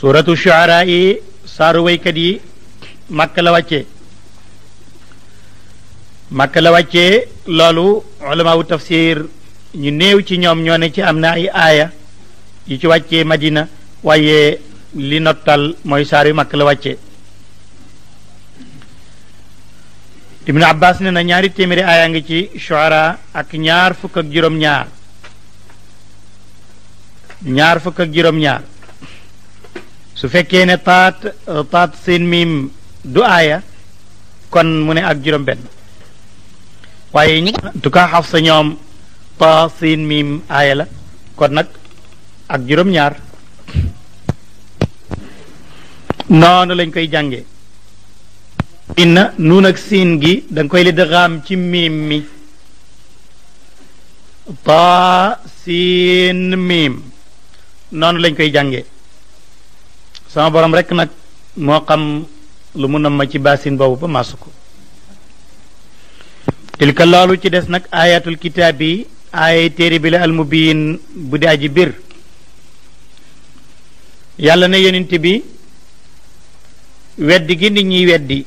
suratu shuaraa yi saaru waykat yi makk la wàccee màkk la wàccee loolu ulamaawu ñu néew ci ñoom ci am na ay yu ci wàccee madina waaye li nottal mooy saar makk la wàccee ibnu abbas ne na ñaari téeméeri aaya ngi ci shuara ak ñaar ñaar fukk ak juróom-ñaar su fekkee ne taat taat sin mim du aaya kon mu ne ak juróom benn waaye ñi en tout cas Xafsa ñoom taa siin miim la kon nag ak juróom-ñaar noonu lañ koy jànge inna nuun ak sin gi da nga koy lidgaam ci mim mi ta sin mim noonu lañ koy sama borom rek nag moo xam lu mën a ma ci baasin boobu ba maasu ko tilka loolu ci des nag ayatul kitaab bi aayay téere bi la almubiin bu di aji bir yàlla na yonent bi weddi gi nit ñiy weddi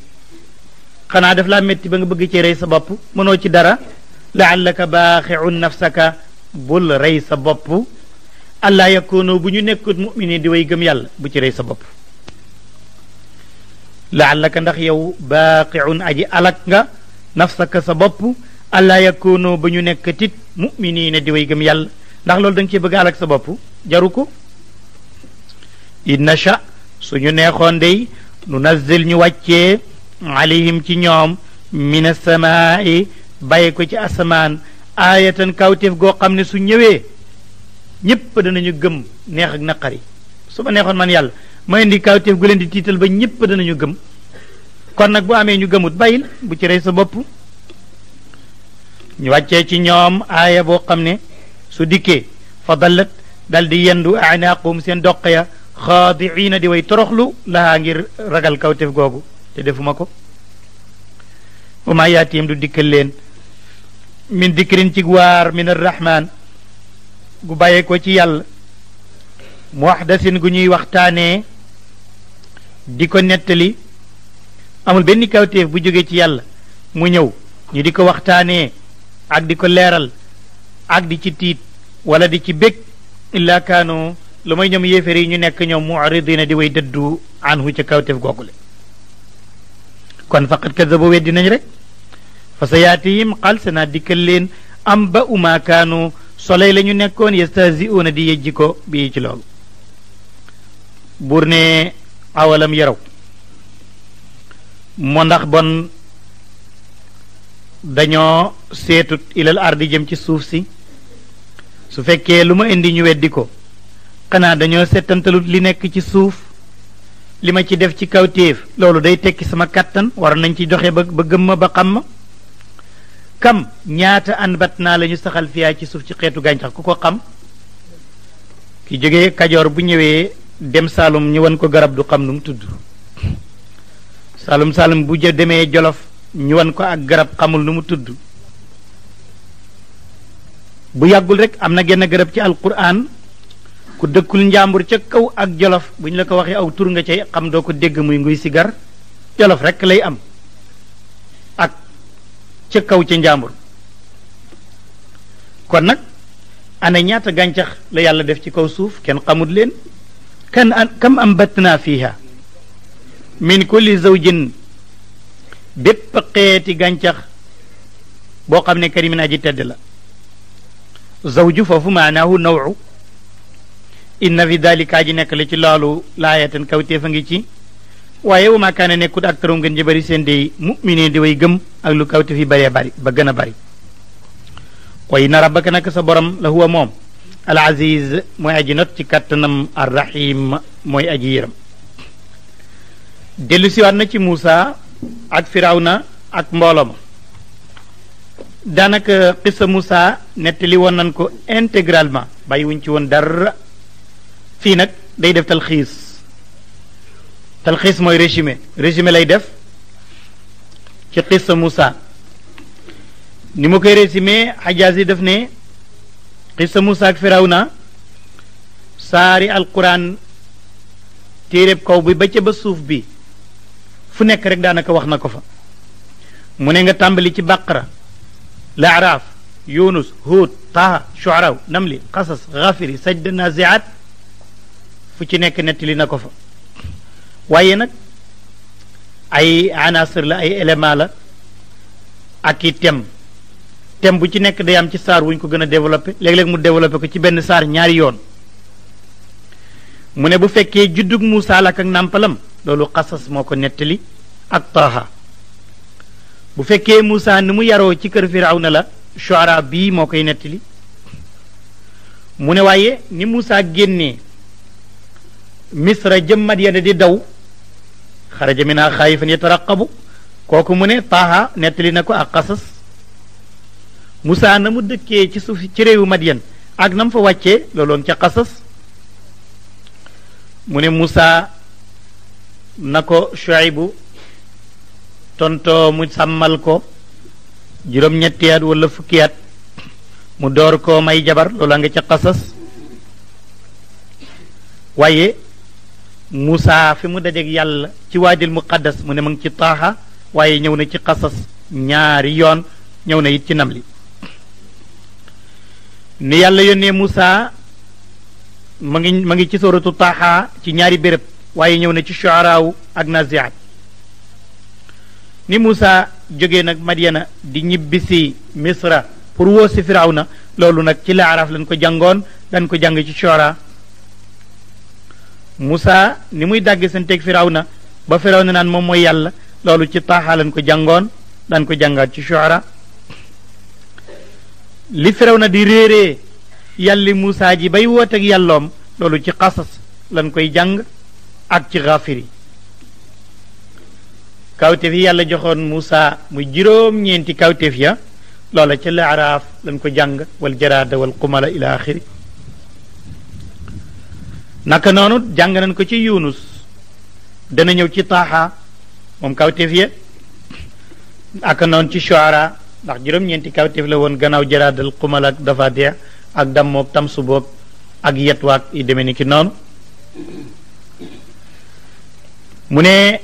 xanaa def laa metti ba nga bëgg ci rey sa bopp mënoo ci dara laallaka baaxiun nafsaka bul rey sa bopp allah yakoonoo bu ñu nekkut muminin di way gëm yàlla bu ci rey sa bopp laallaka ndax yow baaqiun aji alak nga nafsaka sa bopp allah yakoonoo ba ñu nekkatit muminina di way gëm yàlla ndax loolu da nga cee bëgg alak sa bopp jaru ko inna sha ñu neexoon day nu nazil ñu wàccee alayhim ci ñoom min asamaai bàyyi ko ci asamaan aayatan kawteef goo xam ne su ñëwee ñépp ñëpp danañu gëm neex ak naqari su ma neexoon man yàlla ma indi kawteef gu leen di tiital ba ñëpp danañu gëm kon nag bu amee ñu gëmut bàyyil bu ci rey sa bopp ñu wàccee ci ñoom aaya boo xam ne su dikkee fa dallat dal di yendu anaaqum seen doq ya xaadiina di way toroxlu lahaa ngir ragal kawteef googu te defuma ko wa maa yaatihim du dikkal leen min dikrin ci waar min arrahman gu bàyyee ko ci yàlla mu wax dasin gu ñuy waxtaanee di ko nettali amul benn kawtéef bu jóge ci yàlla mu ñëw ñu di ko waxtaanee ak di ko leeral ak di ci tiit wala di ci bég illaa kaanu lu may ñoom yéeféer yi ñu nekk ñoom muridina di way dëddu anhu ca kawtéef googule kon faqat kadaba weddi nañ rek fa sa yaatihim xal sa naa dikkal leen am ba uma kaanu soleil lañu nekkoon yastaziuna di yejji ko bii ci loolu bur ne awalam yaraw mo ndax bon dañoo seetut ilal ardi jëm ci suuf si su fekkee lu ma indi ñu weddi ko xanaa dañoo seetantalut li nekk ci suuf li ma ci def ci kawteef day tekki sama katan war nañ ci joxe ba gëm ma ba xam ma kam ñaata anbat naa la ñu saxal fiyaa ci suuf ci xeetu gàncax ku ko xam ki jógee kajoor bu ñëwee dem saalum ñu wan ko garab du xam nu mu tudd saalum saalum bu jë demee jolof ñu wan ko ak garab xamul nu mu tudd bu yàggul rek am na genn garab ci alquran ku dëkkul njàmbur ca kaw ak jolof bu ñu la ko waxee aw tur nga cay xam doo ko dégg muy nguy sigar jolof rek lay am ca kaw ca njàmbur kon nag ana ñaata gàncax la yàlla def ci kaw suuf kenn xamut leen kan kam ambatna fiha min kulli zawjin bépp xeeti gàncax boo xam ne karimin aji tedd la zawju foofu maanaahu nawu na fi dalika aji nekk la ci loolu laayatan kawteef a ngi ci waaye wa maa kaana nekkut ak tarum gën ji bëri seen day mu'miniin di way gëm ak lu kawte fi bëree bari ba gën a bëri wa inna rabbaka nag sa borom la huwa moom al aziz mooy aji not ci kàttanam ar rahim mooy aj yëram dellu si siwaat na ci Muusa ak firaw na ak mbooloo ma daanaka sa Muusa nettali woon nan ko intégralement bàyyi wuñ ci woon dara fii nag day def talxiis talxiis mooy résumé résumé lay def ci xissa Moussa ni mu koy résumé xajaas yi def ne xissa Moussa ak na saari alquran téeréb kaw bi ba ca suuf bi fu nekk rek daanaka wax na ko fa mu ne nga tàmbali ci baqara laaraaf yunus huud taha shuaraw namli xasas xafiri sajda naziat fu ci nekk nettili na ko fa waaye nag ay anasir la ay élément la ak i tem tem bu ci nekk day am ci saar wuñ ko gën a développé léeg mu développé ko ci benn saar ñaari yoon mu ne bu fekkee juddug Muusaa la ak nàmpalam loolu xasas moo ko nettali ak taaha bu fekkee Muusaa ni mu yaroo ci kër na la Shuara bii moo koy nettali mu ne waaye ni Muusaa génnee Misra jëm Madyana di daw xaraja minha xaayifan yataraqabu kooku mu ne Taaha nettali na ko ak xasas Moussa na mu dëkkee ci suuf ci réewu Madiyan ak na mu fa wàcce looloon ca xasas mu ne Moussa na ko Shuaybu tontoo mu sàmmal ko juróom-ñetti at wala fukki mu door ko may jabar loola nga ca xasas waaye Moussa fi mu dajeeg yàlla ci waadil muqaddas mu ne ma ngi ci taaxa waaye ñëw na ci xasas ñaari yoon ñëw na it ci nam li ni yàlla yónnee Moussa ma ngi ma ngi ci soratu taaxa ci ñaari béréb waaye ñëw na ci shuaraaw ak naziat ni Moussa jógee nag Madiana di ñibbi ñibbisi Misra pour woo si na loolu nag ci laaraaf lañ ko jàngoon lañ ko jàng ci shuara Moussa ni muy dàgg seen teg Firawna ba Firawna naan moom mooy yàlla loolu ci taaxal lañ ko jàngoon daan ko jàngaat ci Shuara li Firawna di réeree yàlli Moussa ji bay woote ak yàlloom loolu ci xasas lañ koy jàng ak ci xaafiri kawteef yi yàlla joxoon Moussa muy juróom-ñeenti kawteef ya loola ca laaraaf lañ ko jàng wal jaraada wal qumala ila axiri naka nonu jang nañ ko ci yunus dana ñew ci taha mom kawtef ye ya. ak non ci shuara ndax juróom ñenti kawtef la won gannaaw jaraadal qumal ak dafatia ak dammoog tamsu boog ak wat i demé ni ki non mune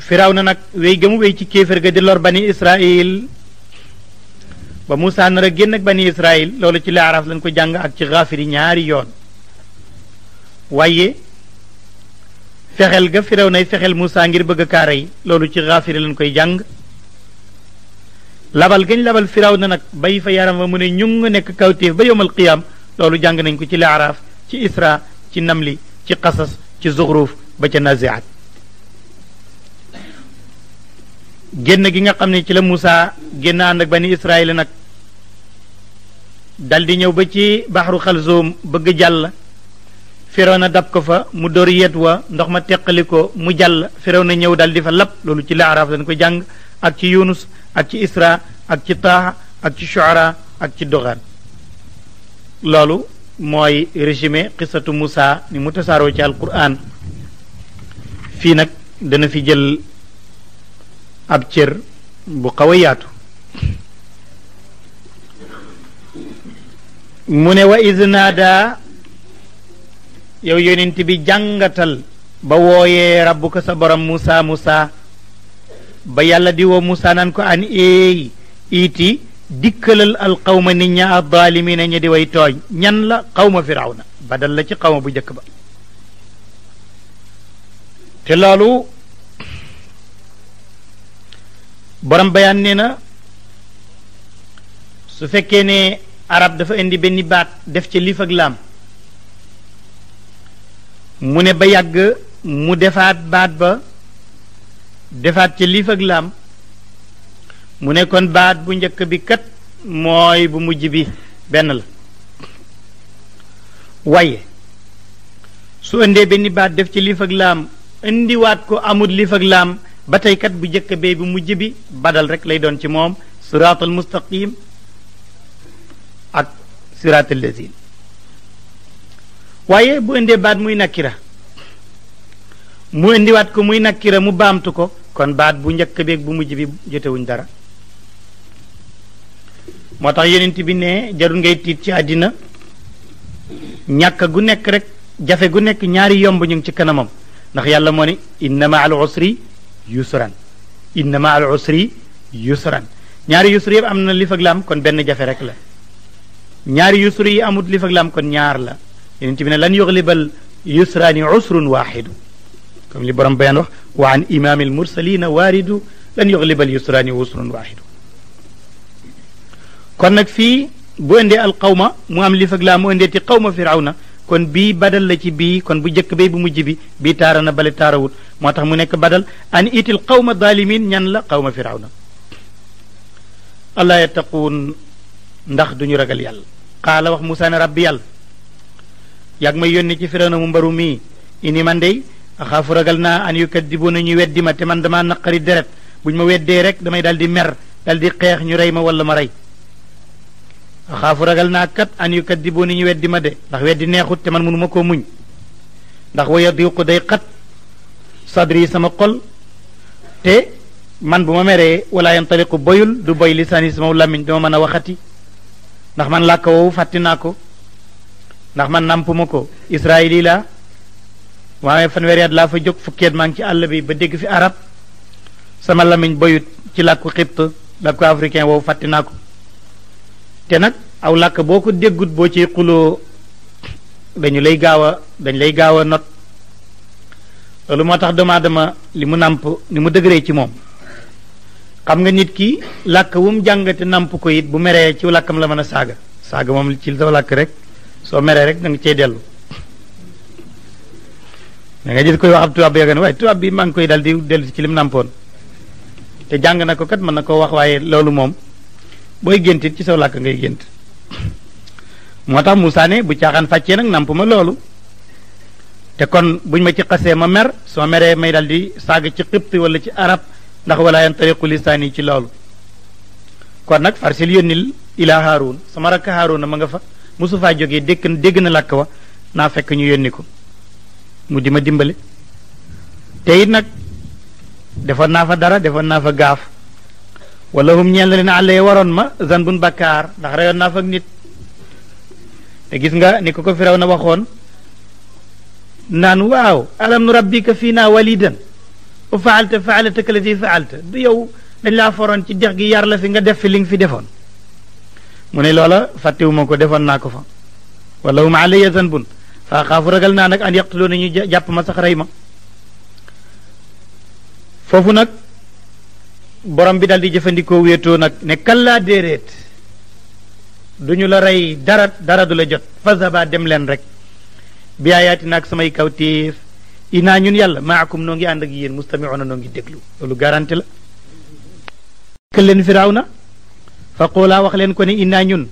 firaw na wey ci ga di lor bani israël ba Musa na ra genn ak bani israël lolu ci laaraaf lañ ko jang ak ci ghafiri ñaari yoon waye fexel ga firaw nay fexel musa ngir bëgg kaa rey loolu ci ghafir lañ koy jàng labal gën labal firaw na nag bay fa yaram wa mu ne ñu nga nekk kawtif ba yowmal qiyam loolu jàng nañ ko ci li araf ci isra ci namli ci qasas ci zuxruuf ba ca naziat génn gi nga xam ne ci la musa génn ànd ak bani Israël nag dal di ñëw ba ci baxru xalzoom bëgg jàll Firawna dab ko fa mu dor yet wa ndox ma teqali ko mu jàll Firawna ñëw dal di fa lab loolu ci laaraaf lañ ko jàng ak ci Yunus ak ci Isra ak ci Taaha ak ci Shuara ak ci Doxaan loolu mooy résumé qisatu Moussa ni mu tasaaroo ci alquran fii nag dana fi jël ab cër bu xaw a yaatu mu ne wa iz yow yonent bi jàngatal ba wooyee rabbuka sa borom Moussa Moussa ba yàlla di woo Moussa naan ko an eey iiti dikkalal alqawma nit ña addalimina ña di way tooñ ñan la xawma na badal la ci xawma bu njëkk ba te loolu borom bayaan nee na su fekkee ne arab dafa indi benn baat def ci liif ak laam mu ne ba yàgg mu defaat baat ba defaat ci liifag lam mu ne kon baat bu njëkk bi kat mooy bu mujj bi benn la waaye su indee benn baat def ci liif ak indiwaat ko amul liif ak ba tey kat bu njëkk bee bu mujj bi badal rek lay doon ci moom siraatal mustaqim ak siraatal lazine waaye bu indee baat muy nakira mu indiwaat ko muy nakira mu baamtu ko kon baat bu njëkk beeg bu mujj bi jotewuñ dara moo tax yonent bi ne jarul ngay tiit ci àddina ñàkk gu nekk rek jafe gu nekk ñaari yomb ñu ngi ci kanamam ndax yàlla moo ne inna ma al usri yusran inna ma al usri yusran ñaari yusri yëpp am na lif ak laam kon benn jafe rek la ñaari yusri yi amut lif ak laam kon ñaar la yonent bi ne lan yuxlibal yusraani usrun waaxidu comme li borom bayaan wax wa an imaamil mursalina waaridu lan yusraani usrun kon nag fii bu indee al mu am li fag laa mu indeeti qawma firawna kon bii badal la ci bi kon bu jëkk bay bu mujj bi bii taara na bale taarawut moo tax mu nekk badal an itil qawma daalimin ñan la qawma firawna allaa yattaquun ndax duñu ragal yàlla qaala wax Musaa ne rabbi yàlla yàgg may yónni ci na mu mbaru mii ini man dey xaafu ragal naa an yukaddibuuna ñu weddi ma te man dama naqari deret bu ñu ma weddee rek damay daal di mer daal di xeex ñu rey ma wala ma rey xaafu ragal naa kat an yukaddibuuna ñu weddi ma de ndax weddi neexut te man mënu ma koo muñ ndax wa ko day xat sadri sama xol te man bu ma meree wala yantaliqu boyul du boy lisaani sama làmmiñ dama mën a waxati ndax man làkk woowu fàtti naa ko ndax man nàmpuma ko israil yi la waaye fanweeri at laa fa jóg fukkeet maa ngi ci àll bi ba dégg fi arab sama lamiñ boyut ci làkku xibt làkku africain woowu fàtte naa ko te nag aw làkk boo ko déggut boo ci xuloo dañu lay gaaw a dañ lay gaaw a not loolu moo tax doomu aadama li mu nàmp li mu dëgëree ci moom xam nga nit ki làkk wu mu jàngate nàmp ko it bu meree ci làkkam la mën a saaga saaga moom ci sa làkk rek soo meree rek da nga cee dellu da nga gis koy wax ab tubaab yagan waaye tubaab bi maa ngi koy dal di dellu ci lim nampoon te jàng na ko kat mën na koo wax waaye loolu moom booy géntit ci saw làkk ngay gént moo tax Moussa ne bu caaxaan fàccee nag namp ma loolu te kon buñ ma ci xasee ma mer soo meree may dal di ci xibt wala ci arab ndax wala yan tariqu lisaan ci loolu kon nag farsil yónnil ila haarun sama rakk haaruna ma nga fa mosu faa jógee dégg dégg na làkk wa naa fekk ñu yónni ko mu di ma dimbale te nag defoon naa fa dara defoon naa fa gaaf wala hum ñeel na leen àll yi waroon ma zan bun bakkaar ndax reyoon naa fa nit te gis nga ni ko ko firaw na waxoon naan waaw alam nu rabbika fii naa walidan u faalta faalataka allati faalta du yow dañ laa foroon ci dex gi yar la fi nga def fi li nga fi defoon mu ne loola fàttewuma ko defoon naa ko fa wala hum a zanbun faa xaafu ragal naa nag an yaqtuloo na ñu jàpp ma sax rey ma foofu nag borom bi dal di jëfandikoo wéetoo nag ne kallaa déeréet du ñu la rey dara dara du la jot fazaba dem leen rek bi ayaati naag samay kawtéef naa ñun yàlla maakum noo ngi ànd ak yéen mustamiuna noo ngi déglu lu garanti la kël firaaw na fa quulaa wax leen ko ne innaa ñun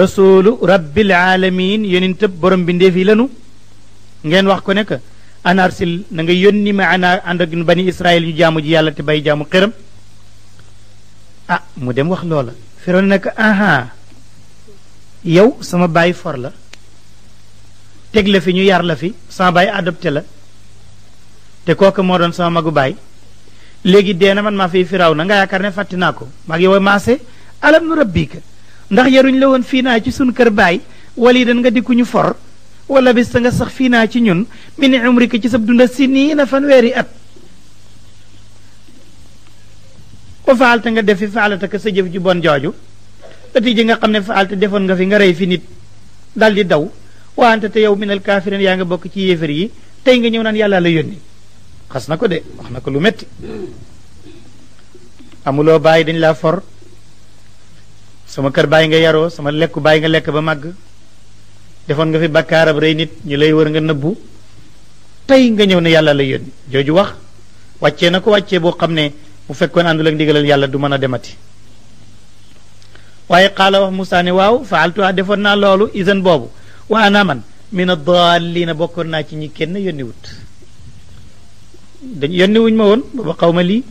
rasulu rabbil alamin yónin tëb borom bi ndéef yi lanu ngeen wax ko ne que anarsil na nga yónni ma ana ànd ak bani israil yu jaamu ji yàlla te bay jaamu xëram ah mu dem wax loola firoon nag aha yow sama baay for la teg la fi ñu yar la fi sama baay adopté la te kooku moo doon sama magu baay léegi dee na man maa fi firaaw na nga yaakaar ne fàtti naa ko mag yow maase alam nu rabbika ndax yaruñ la ci sun kër bay wali dan nga dikku ñu for wala bis nga sax fii naa ci ñun min umrika ci sab dunda at ko faalta nga defi faalata ka sa jëf ju bon jooju ëti ji nga xamne faalta defon nga fi nga rey fi nit dal di daw waante te yow al kafirin ya nga bok ci yéefar yi tay nga ñew naan yalla la yoni de wax lu metti amulo bay dañ la for sama kër bàyyi nga yaroo sama lekku bàyyi nga lekk ba màgg defoon nga fi bakkaar ab rëy nit ñu lay wër nga nëbbu tey nga ñëw ne yàlla la yónni jooju wax wàccee na ko wàccee boo xam ne bu ak ndigalal yàlla du mën demati waaye xaala wax Moussa ne waaw izan ah, defoon naa loolu isan boobu wa ana man min adallina bokkoon naa ci ñi kenn yónni wut dañ yónni wuñ ma woon ba xaw ma lii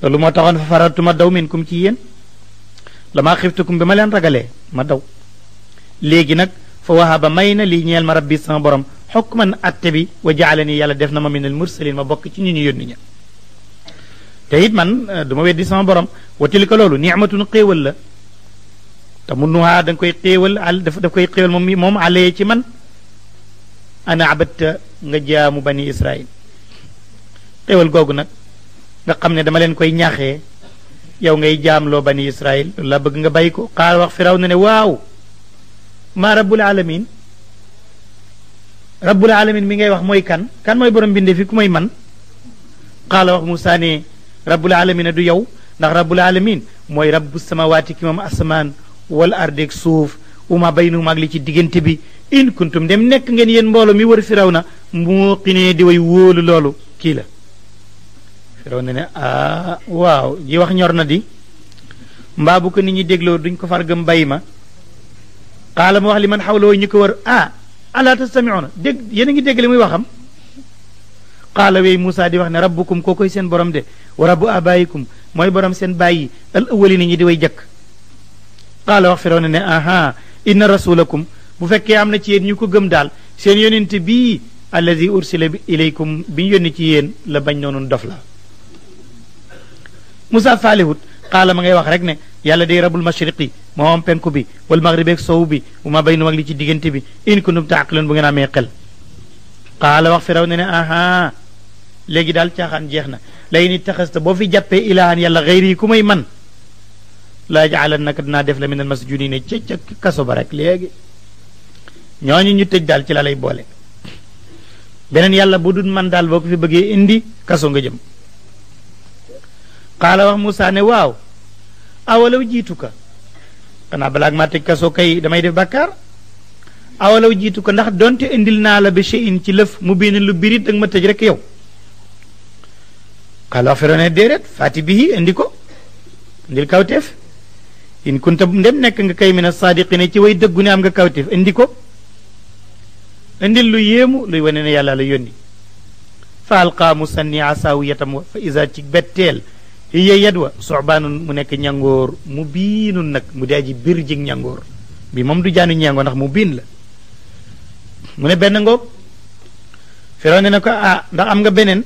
loolu moo fa faratuma daw min kum ci yéen لما خفتكم بما لن رجلي ما دو ليجنك فوهب ماينا لينيال مربي سنبرم حكما أتبي وجعلني يالا دفنا من المرسلين ما بقى تيني يرنيني تهيد من دوما ويدي سنبرم وتلك لولو نعمة قيولة تمنوها دن كوي قيول دف دف كوي قيول مم مم عليه كمن أنا عبدت نجام بني إسرائيل قيول جوجنا نقمنا دمالين كوي نياخي yow ngay jaamloo bani israil la bëgg nga bàyyi ko xaal wax firaw na ne waaw maa rabbul alamin rabbul alamin mi ngay wax mooy kan kan mooy borom binde fi ku mooy man xaala wax Moussa ne rabbul alamin a du yow ndax rabbul alamin mooy rabbu samawaati ki moom asamaan wal ardeeg suuf uma baynahum ak li ci diggante bi in kuntum dem nekk ngeen yéen mbooloo mi wër firaw na moo xinee di way wóolu loolu kii la firaw na ne ah waaw ji wax ñor na di mbaa bu ko nit ñi dégloo duñ ko far gëm bàyyi ma xaala mu wax li man xawloo ñu ko war ah ala tastamiuna dégg yéen a ngi dégg li muy waxam xaala wey Moussa di wax ne rabbukum koo seen borom de wa rabbu abayikum mooy borom seen bàyyi al awwalina ñi di way jëkk xaala wax firaw na ne aha inna rasulakum bu fekkee am na ci yéen ñu ko gëm daal seen yonent bii alladi ursila ilaykum bi ñu yónni ci yéen la bañ noonu dof la Moussa faalihut xaala ma ngay wax rek ne yàlla day rabul mashriqi moo am penku bi wal maghribeeg sowu bi wa ma baynu mag li ci diggante bi in kuntum taaqiloon bu ngeen amee xel xaala wax firaw ne ne aha léegi daal caaxaan jeex na lay ni taxasta boo fi jàppee ilahan yàlla xayri ku may man laa jaalan naka dinaa def la minal masjuni ne ca kaso ba rek léegi ñooñu ñu tëj daal ci la lay boole beneen yàlla bu dul man daal boo ko fi bëggee indi kaso nga jëm qaala wax Moussa ne waaw awalaw jiituka xanaa balaag maa tëj kaso kay damay def bàkkaar awalaw jiitu ko ndax donte indil naa la ba shay'in ci lëf mu biin lu birit danga ma tëj rek yow qaala wax Firawna déedéet faati bihi indi ko indil kawteef in nekk nga kay mina saadiqina dëggu am nga kawteef indi ko indil lu yéemu luy wane ne yàlla la yónni fa alqaa Muusaa sànni fa isa ci betteel Iya yadwa dua, mu nek nyangor mubinun nak nag mu dee ji bir jig ñangoor bi mom du janu ñangoor nak mu biin la mu ne ben ngok firaw ah, ne ya ndax am nga benen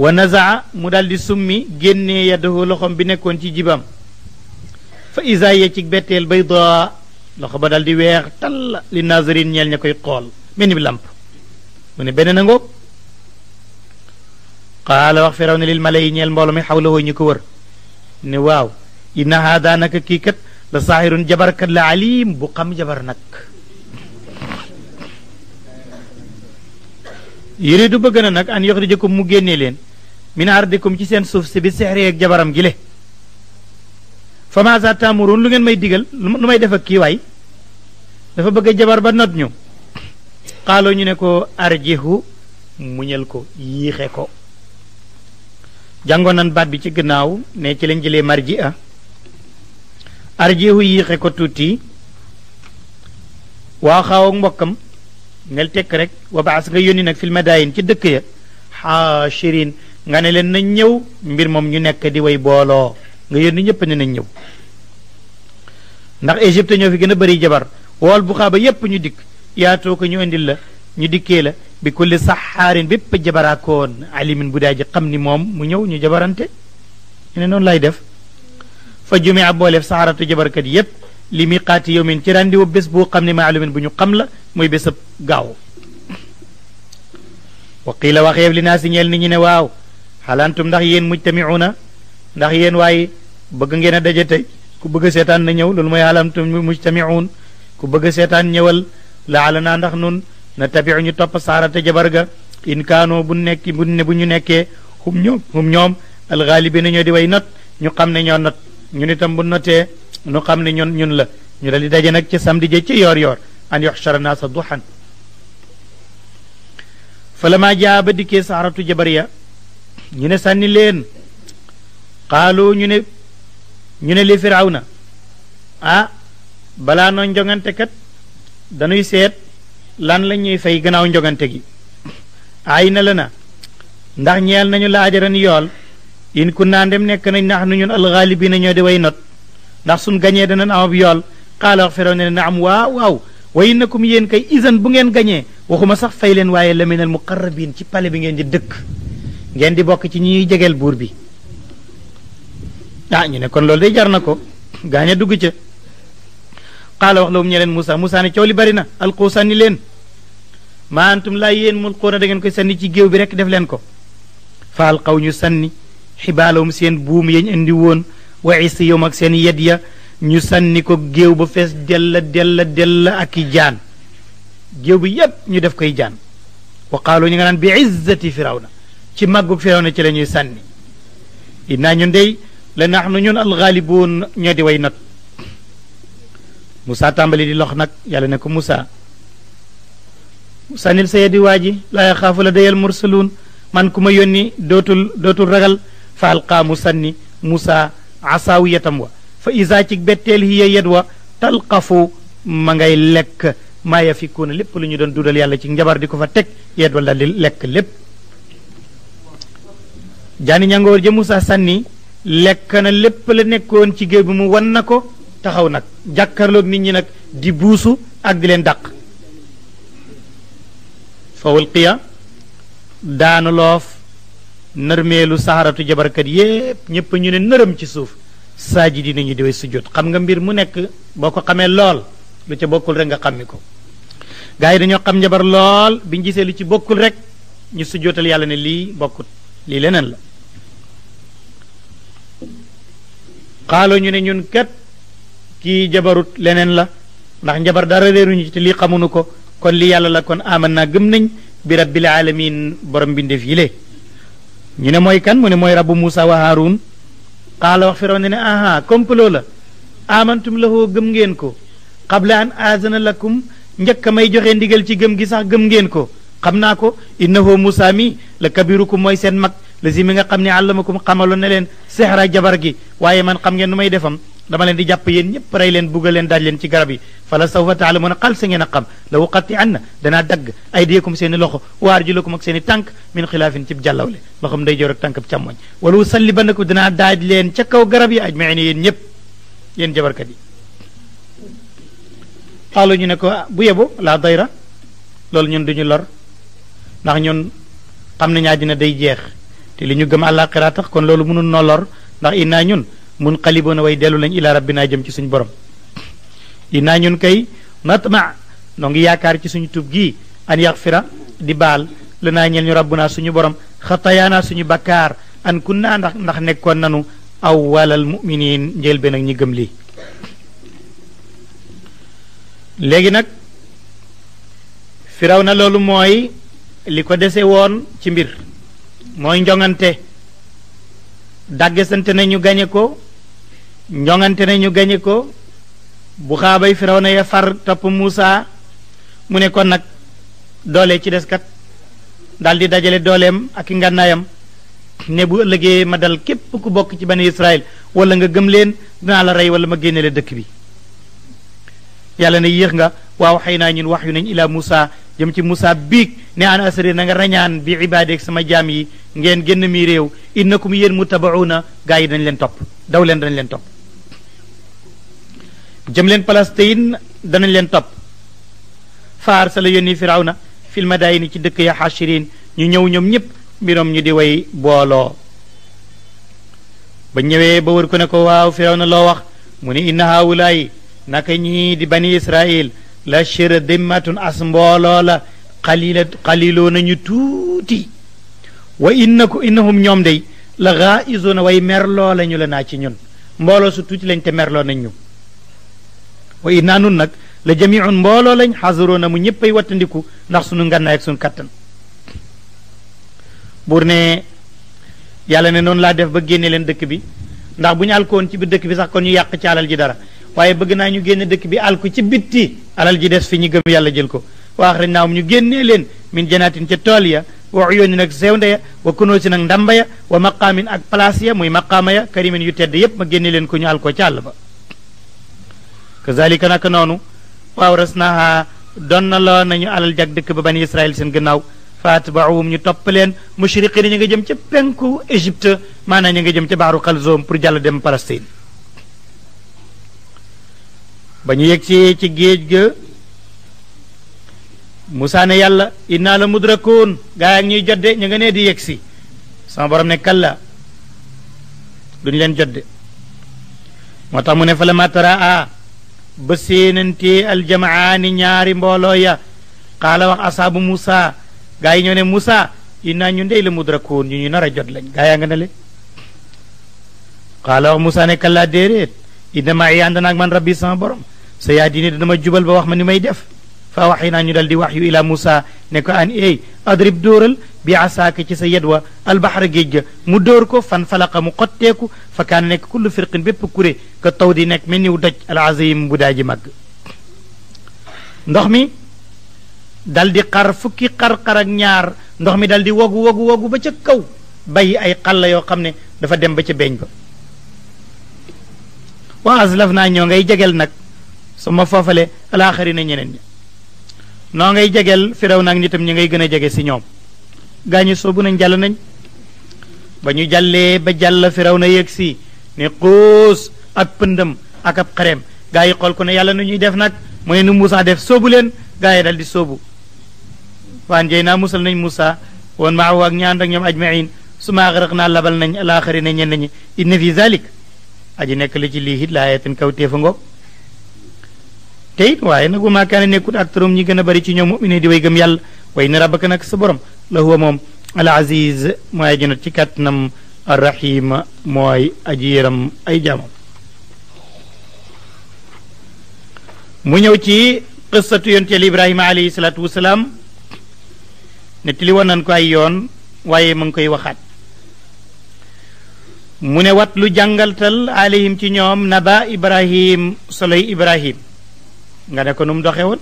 wa nazaa mu summi genne yadahu loxom bi ci jibam fa isa ya ci betel bayda loxo ba daal di tal li nazirin ñel ñakoy xol xool mel mu ne benen ngok qaala wax firaw ne lil mala yi ñeel mbooloo mi xawlawoo ñu ko wër ne waaw inna haada naka kii kat la saaxirun jabarkat la alim bu xam jabar nag yuridu bëgg na nag an yoxrijakum mu génnee leen min ardikum ci seen suuf si bi sexri ak jabaram gi le fa maasa taamuruun lu ngeen may digal lu may defak ak kii waay dafa bëgg jabar ba not ñu xaaloo ñu ne ko arjihu muñal ko yiixe ko jàngoon nan baat bi ci gannaaw ne ci lañ jëlee marji a arjihu yéexe ko tuuti waa xaaw ak mbokkam ngel tekk rek wa baas nga yónni nag fil madaayin ci dëkk ya xaashirin nga ne leen nañ ñëw mbir moom ñu nekk di way booloo nga yónni ñëpp ne nañ ñëw ndax Égypte ñoo fi gën a bari jabar wool bu xaaba yépp ñu dikk yaatoo ko ñu indil la ñu dikkee la bi kulli saxaarin bépp jabaraakoon alimin bu daa ji xam ni moom mu ñëw ñu jabarante ñu ne noonu lay def fa a booleef saxaaratu jabarkat yépp li miqaati yowmin ci rendi wu bés boo xam ne maalumin bu ñu xam la muy bésab gaaw wa qiila waxeef li naa si ñeel ni ñu ne waaw xalaantum ndax yéen mujtamiuuna ndax yéen waaye bëgg ngeen a daje ku bëgg seetaan na ñëw loolu mooy xalaantum mujtamiuun ku bëgg seetaan ñëwal laala naa ndax nun na tabiu ñu topp saarata jabar ga in kaanoo bu ñu nekkee hum ñoom hum ñoo di way not ñu xam ne ñoo not ñun itam bu notee ñu xam ne ñun ñun la ñu dal di daje nag ci samedi ja ci yoor yoor an yoxshara naasa duxan falamaa jaa ba dikkee saaratu jabar ya ñu ne sànni leen xaalu ñu ne ñu ne li firaw na ah balaa noon jongante kat dañuy seet lan la ñuy fay gannaaw njogante gi ay na la na ndax ñeel nañu laajaran yool in kun naan dem nekk nañ nax nu ñun alxaalibiina ñoo di way not ndax sun gañee dana am ab yool xaala wax firaw ne na am waaw waaw wa innakum yéen kay isan bu ngeen gañee waxuma sax fay leen waaye laminal muqarrabin ci pale bi ngeen di dëkk ngeen di bokk ci ñu ñuy jegeel buur bi ah ñu ne kon loolu de jar na ko gaaña a dugg ca qaala wax la wum ñe leen Moussa Moussa ne coow li bari na alquu sànni leen maa antum laa yéen mulquuna da dangeen koy sànni ci géew bi rek def leen ko fa alqaw ñu sànni xibaalawum seen buum yañ indi woon wa isiyum ak seen yed ya ñu sànni ko géew ba fees della della della ak i jaan géew bi yépp ñu def koy jaan wa qaalu ñu nga naan bi izzati firawna ci màggug firawna ci la ñuy sànni naa ñun dey la naxnu ñun alxaalibuun ñoo di way not Moussa tàmbali di lox nag yàlla ne ko Moussa sànnil sa yeddi waa ji la dayal mursaluun man ku ma yónni dootul dootul ragal fa alqaa mu sànni Moussa asaawu yetam wa fa isa ci betteel hiya yet wa talqafu ma ngay lekk maa na lépp lu ñu doon duudal yàlla ci njabar di ko fa teg yet wa daal di lekk lépp jaani ñangoor ja Moussa sànni lekk na lépp la nekkoon ci géej bi mu wan na ko taxaw nag jàkkarloog nit ñi nak di busu ak di len dak fa qiya daanu lof nermelu saharatu jabarkat yépp ñépp ñu ne nërëm ci suuf sajidi nañu di way sujud xam nga mbir mu nek boko ko lol lu ci bokul rek nga xamiko gaay dañu xam jabar lol biñu lu ci bokul rek ñu sujudal yalla ne li bokut li lenen la qalo ñu ne ñun kat kii jabarut leneen la ndax njabar dara réeruñu ci te lii xamunu ko kon li yàlla la kon aman naa gëm nañ bi rabbil alamin borom bindeef yi lée ñu ne mooy kan mu ne mooy rabbu Muusa wa Haaruun qaala wax firaw ne ne aha complot la amantum la lahu gëm ngeen ko qabla an la lakum njëkk may joxe ndigal ci gëm gi sax gëm ngeen ko xam naa ko na innahu Muusa mi la kabirukum mooy seen mag la si mi nga xam ne àllamakum xamaloon ne leen sexra jabar gi waaye man xam ngeen nu may defam dama leen di jàpp yéen ñëpp rey leen bugg leen daaj leen ci garab yi fala sawfa taalamuuna xal sa ngeen a xam la wuqatti an na danaa dagg aydiyakum seen i loxo wa arjulakum ak seen i tànk min xilaafin cib jàllawle loxom day joor ak tànk ab càmmoñ wala ko danaa daaj leen ca kaw garab yi ajmaina yéen ñëpp yéen jabarkat yi xaalu ñu ne ko ah, bu yebo laa dayra loolu ñun duñu lor ndax ñun xam nañu àddina day jeex te li ñu gëm àllaaxira tax kon loolu mënul noo lor ndax innaa ñun mun xaliboona way delu lañ ila rabbina jëm ci suñ borom ñun kay natma no ngi yaakar ci suñu tub gi an yaghfira di baal lanaa ñel ñu rabbuna suñu borom khatayana suñu bakar an kunna ndax ndax nekkoon nanu awwalal muminin jël be nak ñi gëm li legi nak firawna lolu moy mooy li ko ci mbir mooy nañu gagné ko ñoŋante ne ñu gañe ko bu xaabay firawna ya far topp Muusa mu ne kon nag doole ci deskat kat daal di dajale dooleem ak i ngànnaayam ne bu ëllëgee ma dal képp ku bokk ci bani Israël wala nga gëm leen dinaa la rey wala ma génne dëkk bi yàlla ne yéex nga waaw xay naa ñun wax yu nañ ilaa Muusa jëm ci Muusa biig ne an asri na nga rañaan bi ibaadeeg sama jaam yi ngeen génn mi réew innakum yéen mu tabauna gaa yi dañ leen topp daw leen dañ leen topp jëm leen Palestine danañ leen topp fa arsala yónni firawna fil ni ci dëkk ya xaashirin ñu ñëw ñoom ñëpp mbiroom ñu di way booloo ba ñëwee ba wër ko ne ko waaw firawna loo wax mu ni inna haawulaayi naka ñii di bani israil la shira dimmatun as mbooloo la xalila xaliloo nañu tuuti wa inna ko innahum ñoom day la xaa isoona way merloo lañu la naa ci ñun mbooloo su tuuti lañ te merloo nañ ñu wa innaa nun nak la jamiun mbolo lañ hazuruna mu ñeppay watandiku ndax suñu ngannaay ak suñu katan burne yalla ne non la def ba génne leen dëkk bi ndax buñu ñu alkoon ci bi dëkk bi sax kon ñu yàq ci alal ji dara waaye bëgg naa ñu génne dëkk bi alku ci bitti alal ji des fi ñu gëm yàlla jël ko waax rek naam ñu génnee leen min janaatin ca tool ya wa uyooni nak sewnde ya wa kunóosi nak ndamba ya wa maqamin ak place ya muy maqama ya karimin yu tedd yépp ma génne leen ko ñu alko ci àll ba kazalika naka noonu waaw res naha donnaloo nañu alal jag dëkk ba bani israil seen gannaaw faatbaahum ñu topp leen mushriqin ñu nga jëm ca penku Égypte maanaam ñu nga jëm ca baaru xalzoom pour jàll dem Palestine ba ñu si ci géej ga Musaa ne yàlla inaa la mudrakuun gaa yi ñuy jodde ñu nga nee di si sama borom ne kalla duñu leen jodde moo tax mu ne fa la matara ba séenantee aljamaani ñaari mbooloo ya qaala wax asaabu Moussa gaa yi ñoo ne Moussa innaa ñu ndey la mudrakoon ñu ñu nar a jot lañ gaa yaa nga ne le qaala wax Moussa ne kallaa déeréet inna maa yi ànd man rabbi sama borom sa yaa diine jubal ba wax ma ni may def fa waxi naa ñu dal di wax yu ilaa Moussa ne ko an eey adrib dóoral bi asaaka ci sa yet wa albaxra géej ga mu dóor ko fan falaqa mu xotteeku fa kaan nekk kullu firqin bépp kuré ka taw di nekk mel niw doj alazim bu daa ji màgg ndox mi dal di ñaar ndox mi dal di wogu wogu wogu ba ca kaw bàyyi ay xal yoo xam ne dafa dem ba ca beeñ ba wa aslaf naa ñoo ngay jegal nag su ma foofale alaaxari na ñeneen ñi no ngay jegeel firaw nak nitam ñi ngay gëna jégé ci si gañu gaañu soobu nañ jall nañ bañu jallé jàllee ba jàll firaw na yëg ni qus ak pëndam ak ab xarem gaay xol ko ne yalla nu ñuy def nak moy nu musa def sobu len gaay dal di sobu. waan jeena musal nañ won ma wa ak ñaan ak ñom ajmain suma axraq labal nañ al-akhirin ñen ñi inna fi zalik aji nek li ci li hit la kaw téefa ngoog tey waaye waaye nagu maakaane nekkut aktarum ñi gën a bari ci ñoom mumine di way gëm yàlla way na rabbaka nag sa borom la huwa moom al aziz mooy aji ci kàttanam arrahim mooy aji yëram ay jaamam mu ñëw ci qissatu yonteel ibrahima alayhi salaatu wasalaam nettali woon ko ay yoon waaye mu ngi koy waxaat mu ne wat lu jàngaltal alayhim ci ñoom naba ibrahim soloy ibrahim nga ne ko nu mu doxee woon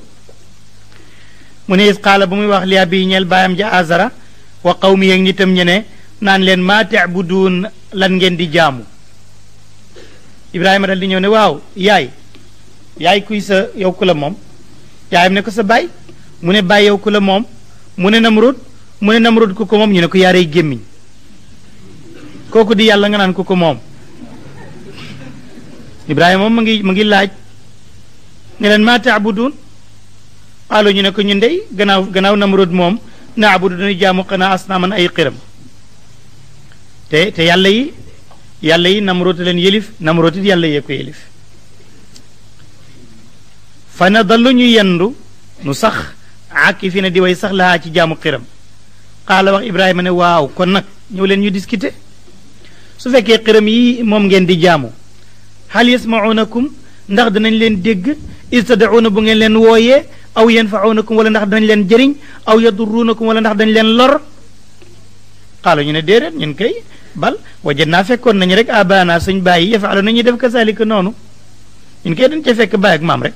mu ne is qaala bu muy wax li abi ñeel baayam ja azara wa qawmi yeeg nitam ñe ne naan leen maa taabuduun lan ngeen di jaamu ibrahima dal di ñëw ne waaw yaay yaay kuy sa yow ku la moom yaayam ne ko sa baay mu ne baay yow ku la moom mu ne namrud mu ne namrud ku ko moom ñu ne ko yaarey gémmiñ kooku di yàlla nga naan ku ko moom ibrahima moom mu ngi mu ngi laaj ne leen maa taabudun xaalo ñu ne ko ñu ndey gannaaw gannaaw namrud moom naabudu dañuy jaamu xanaa asnaaman ay qiram te te yàlla yi yàlla yi namrud leen yëlif namrud it yàlla yee ko yëlif fa dallu ñu yendu nu sax àkki fi ne di way sax lahaa ci jaamu xiram qaala wax ibrahima ne waaw kon nag ñëw leen ñu discuter su fekkee xiram yi moom ngeen di jaamu hal yasmaunakum ndax dinañ leen dégg istadauna bu ngeen leen wooyee aw na yanfaunakum wala ndax dañ leen jëriñ aw na yadurunakum wala ndax dañ leen lor xaala ñu ne déedéet ñun kay bal wajet naa fekkoon nañu rek abana suñ bàyyi yafalu nañuy def kasalika noonu ñun kay dañ ca fekk bàyyi ak maam rek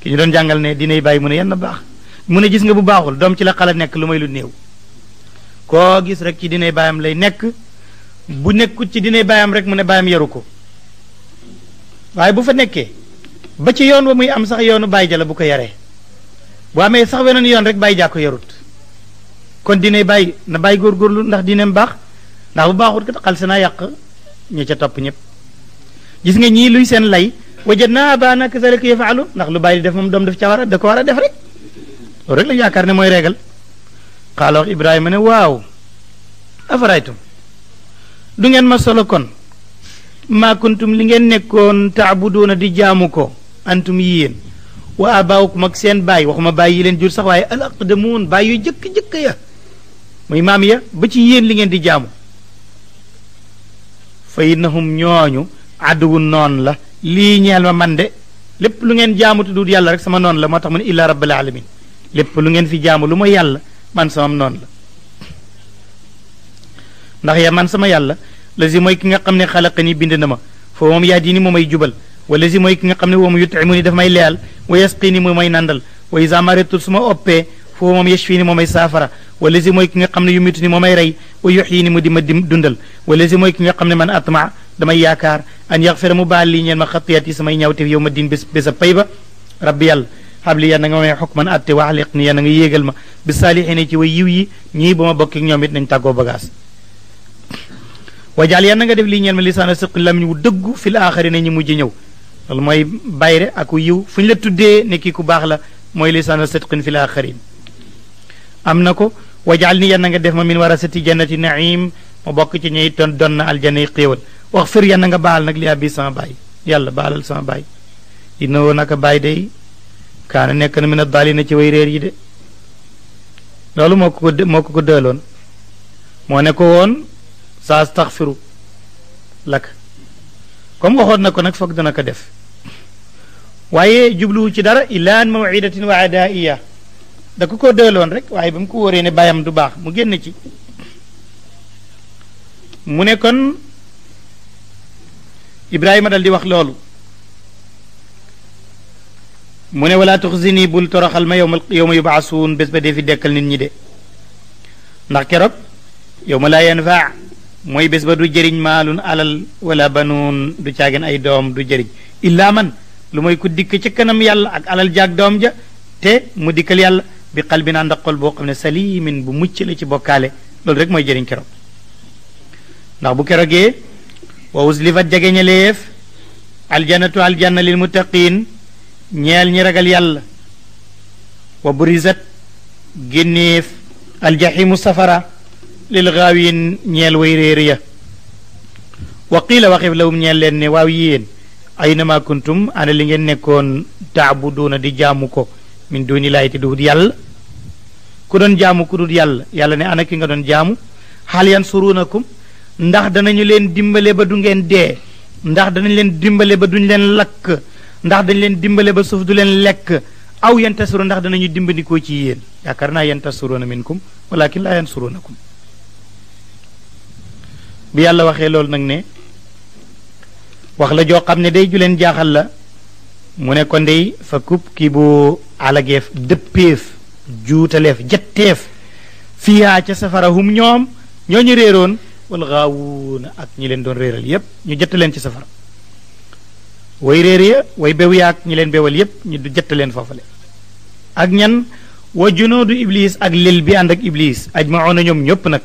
ki ñu doon jàngal ne dinay bàyyi mu ne yenn baax mu ne gis nga bu baaxul doom ci la xala nekk lu may lu néew koo gis rek ci dinay bàyyam lay nekk bu nekkut ci dinay bàyyam rek mu ne bàyyam yaru ko waaye bu fa nekkee ba ci yoon wa muy am sax yoonu bàyyi jala bu ko yaree bu amee sax weneen yoon rek bàyyi jaa ko yarut kon dina bàyyi na bàyyi góorgóorlu ndax dineem baax ndax bu baaxut kat xal naa yàq ñi ca topp ñëpp gis nga ñii luy seen lay wajat naa abaana kazalika yafaalu ndax lu bàyyi di def moom doom daf ca war a da ko war a def rek loolu yaakaar ne mooy régal xaala wax ibrahima ne waaw afaraytum du ngeen ma solo kon maa li ngeen nekkoon bu taabuduuna di jaamu ko antum yéen wa abaawukum ak seen baay waxuma baay leen jur sax waaye al aqdamuun jëkk-jëkk ya muy maam ya ba ci yéen li ngeen di jaamu fa innahum ñooñu àdduwu noon la lii ñeel ma man de lépp lu ngeen jaamu te yàlla rek sama noon la moo tax mu ne illaa rabbil alamin lépp lu ngeen fi jaamu lu ma yàlla man sama noonu la ndax ya man sama yàlla la si mooy ki nga xam ne xalaqa ni bind na ma foo moom yaa di ni moomay jubal ولزي موي كيغا خامني هو يطعموني داف ماي ليال ويسقيني موي ماي ناندال واذا مرضت سما اوبي فهو مام يشفيني مام يسافر ولزي موي كيغا خامني يميتني مام يري ويحييني مودي مدي دوندال ولزي موي كيغا خامني من اطمع دما ياكار ان يغفر مبالي نين ما خطياتي سما نياوتي يوم الدين بس بس بايبا ربي يال حبلي يا نغا مي حكمان اتي وعلقني يا نغا ييغال ما بالصالحين تي وي يوي ني بما بوك نيوميت نين تاغو بغاس وجال يا نغا ديف لي نين ما لسان الصدق في الاخرين ني موجي نيو loolu mooy bayre aku yiw fu ñu la tuddee ne ku baax la mooy lisaanal sidqin fil aaxirin am na ko wajaal ni yan na nga def ma min warasati jannati naim ma bokk ci ñuy don don na aljanay xéewal wax fir yan na nga baal nag li bii sama baay yàlla baalal sama baay dina woo naka baay day kaana nekk na min addaali na ci way réer yi de loolu moo ko ko moo ko ko dëloon moo ne ko woon sa firu lakk comme waxoon na ko nag foog dana ko def waaye jubluwu ci dara illaan mawidatin wa adaiya da ko ko dëloon rek waaye ba mu ko wóoree ne bayam du baax mu génn ci mu ne kon ibrahima dal di wax loolu mu ne wala tuxzini bul toroxal ma yowma yowma yubaasuun bés ba dee fi dekkal nit ñi de ndax keroog yowma laa yanfaa mooy bés ba du jëriñ maalun alal wala banuun du caagin ay doom du jëriñ illaa man lu mooy ku dikk ci kanam yàlla ak alal jaag doom ja te mu dikkal yàlla bi qalbin ànd ak xol boo xam ne salimin bu mucc la ci bokkaale loolu rek mooy jëriñ keroog ndax bu kerogee wa uslifat jegeñaleef aljanatu aljanna lil muttaqin ñeel ñi ragal yàlla wa burizat génneef aljaximu safara lil gaawiin ñeel way réer ya wa qiila waxif lawum ñeel leen ne waaw yéen aynama kuntum ana li ngeen nekkoon taabu taabuduuna di jaamu ko min duni laay te duhut yàlla ku doon jaamu ku dut yàlla yàlla ne ana ki nga doon jaamu xaal yansuruunakum ndax danañu leen dimbale ba du ngeen dee ndax danañ leen dimbale ba duñ leen lakk ndax dañ leen dimbale ba suuf du leen lekk aw yantasuru ndax danañu dimbandikoo ci yéen yaakaar naa yantasuruuna minkum walakin laa yansuruunakum bi yàlla waxee loolu nag ne wax la joo xam ne day ju leen jaaxal la mu ne ko ndey fa kub kii bu alageef dëppeef juutaleef jetteef fiyaa ca safarahum ñoom ñoo ñu réeroon wal gaawuuna ak ñi leen doon réeral yépp ñu jëtt leen ci safara way réer ya way bew yaak ñi leen bewal yépp ñu jëtt leen foofale ak ñan wa junoodu iblis ak lil bi ànd ak iblis ajmaoona ñoom ñëpp nag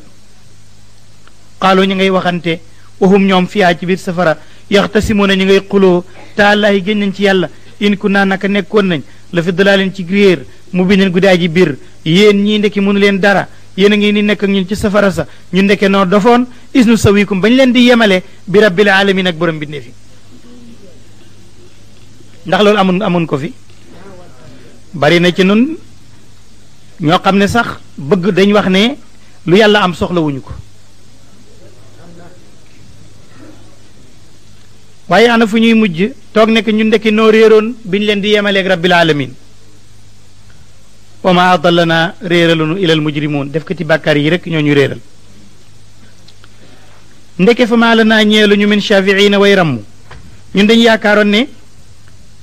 xaalu ñu ngay waxante waxum ñoom fiyaa ci biir safara yaxtasimuuna ñi ngay xuloo taalaahi génn nañ ci yàlla in ku naa naka nekkoon nañ la fi dalaaleen ci réer mu bineen guddi ji biir yéen ñii ndekki mënu leen dara yéen a ngi ni nekk ak ñun ci safara sa ñu ndekke noo dofoon isnu sawikum bañ leen di yemale bi rabbil alamin ak borom bindee fi ndax loolu amun amun ko fi bari na ci nun ñoo xam ne sax bëgg dañ wax ne lu yàlla am soxlawuñu ko waaye ana fu ñuy mujj toog nekk ñu ndekki noo réeroon bi ñu leen di yemaleeg rabbil alamin wa ma adallana réeralunu ilal mujrimun def ko ci bàkkaar yi rek ñoo ñu réeral ndeke fa maa la naa ñeelu ñu min shafiina way ramm ñun dañu yaakaaroon ne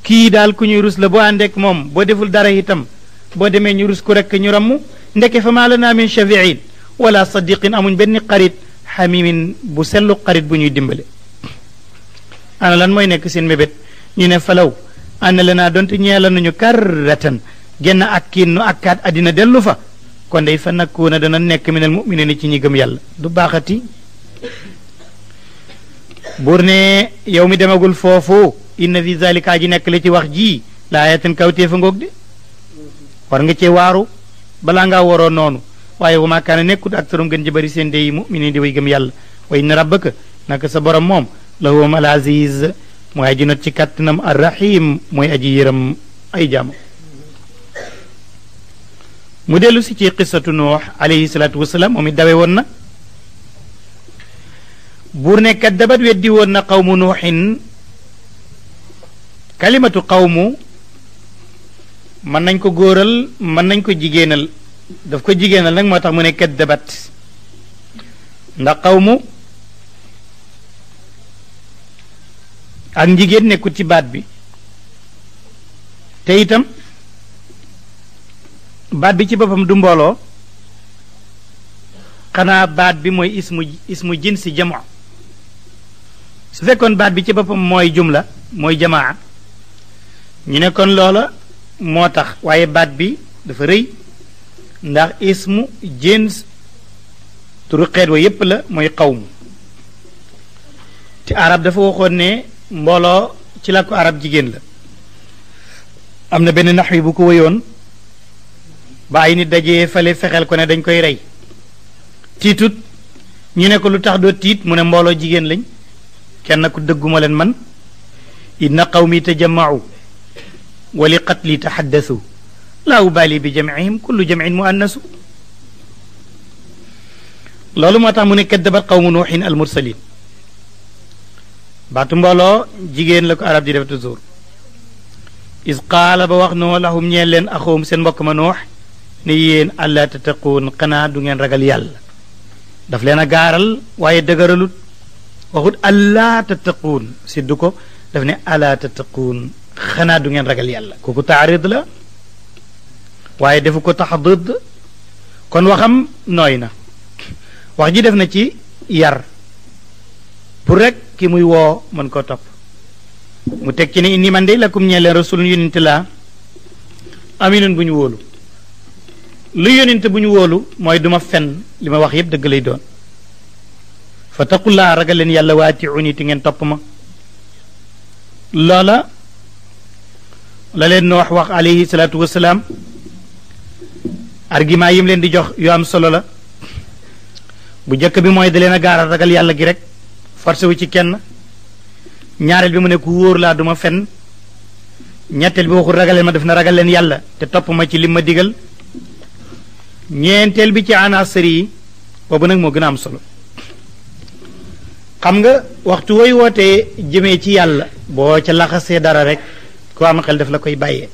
kii daal ku ñuy rus la boo àndeek moom boo deful dara itam boo demee ñu rus ku rekk ñu ramm ndeke fa maa la naa min shafiin wala sadiqin amuñ benn xarit xamimin bu sellu xarit bu ñuy dimbale ana lan mooy nekk seen mébét ñu ne falaw ana la naa donte ñeela nañu karratan genn ak kiin nu akkaat àddina dellu fa kon day fa nakkuuna dana nekk minal mu'miniina ci ñi gëm yàlla du baaxati buur ne yow mi demagul foofu inna fi zalika ji nekk li ci wax ji laa ayatan kawtéefa ngoog de war nga cee waaru balaa ngaa waroo noonu waaye wa maa kaana nekkut ak tarum gën ji bëri seen day mu'miniin di way gëm yàlla wa inna rabbaka naka sa borom moom lahum al aziz mooy aji ci kàttanam ar rahim mooy aji yërëm ay jaamam mu dellu si ci qissatu nuux alayhi salaatu wasalaam moom it dawe woon na buur ne kaddabat weddi woon na qawmu nuuxin kalimatu qawmu mën nañ ko góoral mën nañ ko jigéenal daf ko jigéenal nag moo tax mu ne kaddabat ndax qawmu ak njigéen nekkut ci baat bi te itam baat bi ci boppam du mbooloo xanaa baat bi mooy ismu ismu jinsi jamaa su fekkoon baat bi ci boppam mooy jumla mooy jamaa ñu ne kon loola moo tax waaye baat bi dafa rëy ndax ismu jins turu wa yépp la mooy xawmu te arab dafa waxoon ne mbooloo ci làkku arab jigéen la am na benn nax wi bu ko wéyoon ba ay nit dajee fale fexeel ko ne dañ koy rey tiitut ñu ne ko lu tax doo mu ne mbooloo jigéen lañ kenn ku dëgguma leen man inna qawmi tajammacu wa li qatli taxaddasu laa ubaali bi jamcihim kullu jamcin muannasu loolu moo mu ne kaddabat qawmu nuuxin al mursalin baatu mbooloo jigéen la ko arab di def toujours is qaala ba wax noo lahum ñeen leen axoom seen mbokk ma noox ne yéen àlla tattaquun xanaa du ngeen ragal yàlla daf leen a gaaral waaye dëgëralut waxut àlla tattaquun siddu ko daf ne àlla tattaquun xanaa du ngeen ragal yàlla kooku taarid la waaye defu ko taxdid kon waxam nooy na wax ji def na ci yar pour rek ki muy woo mën koo topp mu teg ci ne indi man de lakum ñee leen rasulun yonent laa aminun bu ñu wóolu lu yonent bu ñu wóolu mooy duma fen li ma wax yépp dëgg lay doon fa taqullaa ragal leen yàlla waati uni ti ngeen topp ma loola la leen noox wax alayhi salaatu wasalaam argument yi leen di jox yu am solo la bu jëkk bi mooy da leen a gaaral ragal yàlla gi rek forcé wu ci kenn ñaareel bi mu ne ku wóor laa duma fen ñetteel bi waxul ragal ma def na ragal leen yàlla te topp ma ci lim ma digal ñeenteel bi ci anaasir yi boobu nag moo gën a am solo xam nga waxtu woy wootee jëme ci yàlla boo ca laxasee dara rek ku am xel daf la koy bàyyee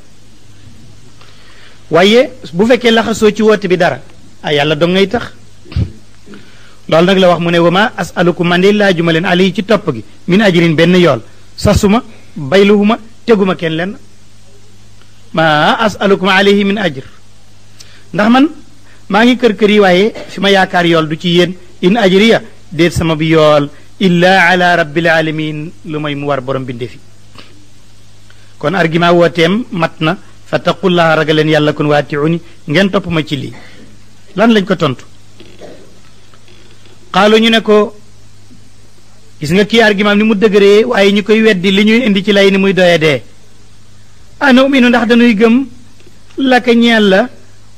waaye bu fekkee laxasoo ci woote bi dara ah yàlla dong ngay tax loolu nag la wax mu ne wa ma asalukum man de laajuma leen ali ci topp gi min ajrin benn yool sasuma bayluhuma teguma kenn leen ma asalukum alayhi min ajr ndax man maa ngi kër kër yi waaye fi ma yaakaar yool du ci yéen in ajriya déet sama bi yool illa ala rabbil alamin lu may mu war borom binde fi kon argument wooteem mat na fattaqullaha leen yàlla kon waatiuni ngeen topp ma ci lii lan lañ ko tontu xaalu ñu ne ko gis nga kii argument ni mu dëgëree waaye ñu koy weddi li ñuy indi ci lay ni muy doye dee ana ah, uminu ndax dañuy gëm laka ñeel la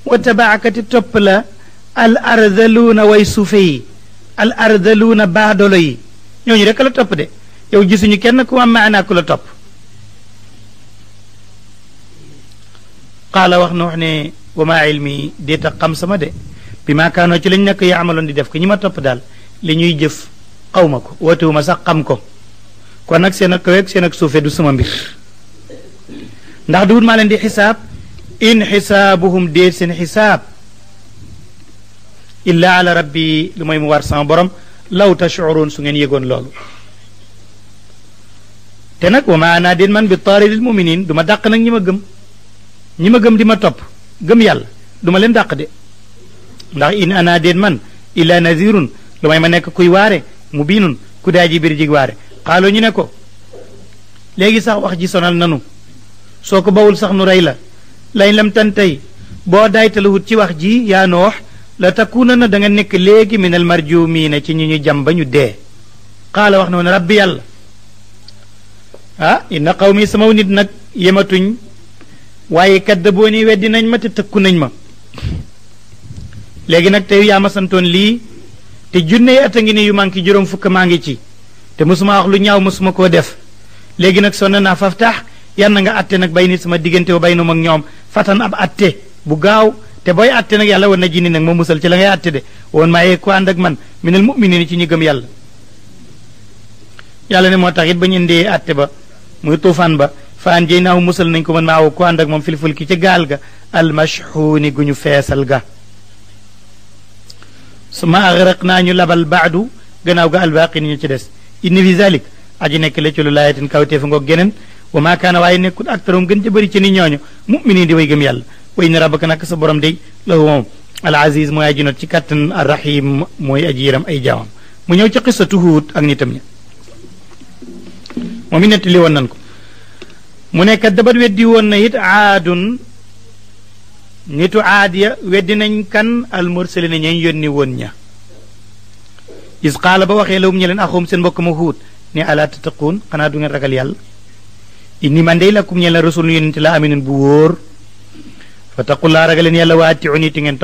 wa tabaakati topp la al ardaluuna way suufe yi al ardaluuna baadolo yi ñooñu rekk la topp de yow gisuñu kenn ku am maanaa ku la topp qaala wax na wax ne wa maa ilmi déeta xam sama de bi ma kaanoo ci lañ nekk yaamaloon di def ko ñi ma topp daal li ñuy jëf xaw ma ko wootewuma sax xam ko kon nag seen ak kaweeg seen ak suufe du sama mbir ndax duwut maa leen di xisaab in xisaabuhum déet seen xisaab illa ala rabbi lu mooy mu war sama borom law tashcuruun su ngeen yëgoon loolu te nag wa ma ana déet man bi taaridil muminin du ma dàq nag ñi ma gëm ñi ma gëm di ma topp gëm yàlla du ma leen dàq de ndax in ana déet man illa nazirun lu may ma nekk kuy waare mu biinun ku daa ji biir jig waare xaalo ñu ne ko léegi sax wax ji sonal nanu soo ko bawul sax nu rey la lay lamtan tey boo daytalawut ci wax ji yaa noox la takkuuna na da nga nekk léegi min al marjumiina ci ñu ñu jam ba ñu dee xaala wax na woon rabbi yàlla ah inna qawmi sama nit nag yematuñ waaye kadda boo ni weddi nañ ma te tëkku nañ ma legi nak tey yaa ma li, lii te junne at ngi ni yu manki juróom fuk maa ngi ci te musuma wax lu ñaaw musuma ko def legi nak sonna yan nga atte nak bayni sama diggante bay nu mag fatan ab atte bu gaaw te boy atte nak yalla woon na jinni nag musal ci la ngay atte de won maye ko ku ak man minal mu'minina ci ñi gëm yalla yalla ne mo taxit ba atte ba muy tufan ba faan jey musal nañ ko man maaw ko ak filful ki ca gaal ga al gu guñu ga suma agraqnaa ñu labal baadu gënaaw ga albaqi ni ñu ci dess inni fi zalik aji nek le ci lu layatin laayatin kawteefa ngoog genen wa ma maa kaana waaye ak torom gën ci bari ci nit ñooñu muminin di way gëm yalla way ni rabbaka nak sa borom de la moom al aziz moy aji not ci katan ar rahim moy aji yëram ay jaamam mu ñew ci qissatu hud ak nitam ña moom it nettali woon nan ko mu ne dabat weddi won na it aadun nitu aadiya weddi nañ kan al mursalina ñay yon won ña is qala ba waxe lawum ñe akhum axum seen mbokk ma ragalial. ne ala tattaquun xanaa du ngeen ragal yalla inni man day lakum ñeel na rasul yonente la aminun bu wor fa taqullaa ragaleen yàlla ti ngeen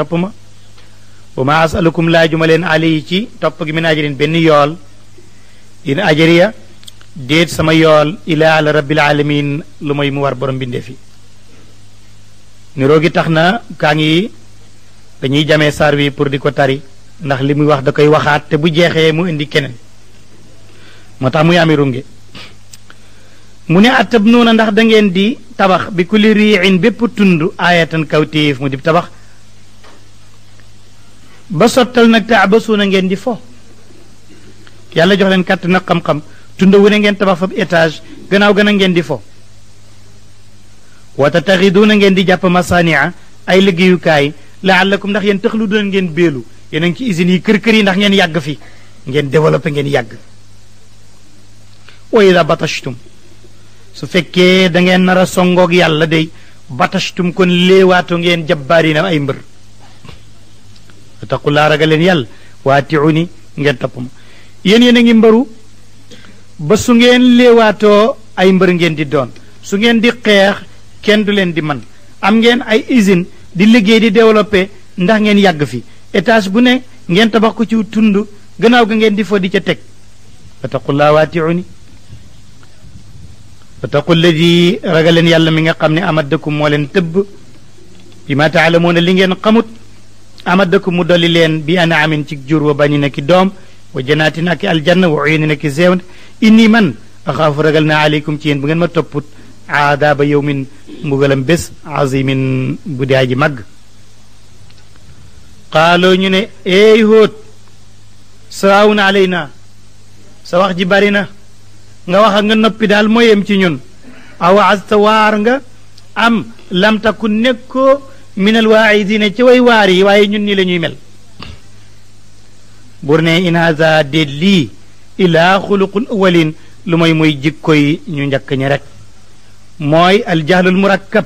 wa ma asalukum la ali ci top gi min ajarin ben yool in ajriya deet sama yool ila ala rabbil alamin lumay mu war borom bindefi Nurogi taxna kangi dañuy jame sar wi pour diko tari ndax li wax da koy waxat te bu jexé mu indi kenen mata muy runge atabnuna ndax da ngeen di tabax bi kulli ri'in bepp tundu ayatan kawtéef mu di tabax ba sotal nak ta'basuna ngeen di fo yalla jox len kat na xam-xam tunda wu ne ngeen tabax fa ngeen di fo wa tattaxiduuna ngeen di jàpp masaania ay liggéeyukaay laallakum ndax yéen lu doon ngeen béelu yéen ngi ci isin yi kër-kër yi ndax ngeen yàgg fi ngeen développé ngeen yàgg wa ida batashtum su fekkee dangeen nar a songoog yàlla day batashtum kon léewaato ngeen jabbaari na ay mbër taqullaa ragal leen yàlla waaticu ni ngeen topp ma yéen yéen a ngi mbaru ba su ngeen léewaatoo ay mbër ngeen di doon su ngeen di xeex kenn du len di man am ngeen ay usine di liggéey di développer ndax ngeen yàgg fi étage bu ne ngeen tabax ko ci tund gannaaw ga ngeen di fo di ca teg fataqullaa waatiuni fataqu lladi ragaleen yàlla mi nga xam ne amaddakum moo leen tëbb bi taalamuuna li ngeen xamut amaddakum mu dolli leen bi amin ci jur wa bañi na ki doom wa janaatin ak aljanna wa inni man axaafu ragal naa ci yéen bu ngeen ma topput aadaaba yowmin mbugalam bés azimin bu dee aji ñu ne eey hóot sawaawun alayna sa wax ji bari na nga wax nga noppi daal mooyem ci ñun aw asta waar nga am lam takku nekkoo minal waaidina ci way waar yi waaye ñun nii la ñuy mel bur ne in haza déet lii ilaa xuluqul awalin lu mooy muy ñu njëkk ñi rek mooy aljahlul murakkab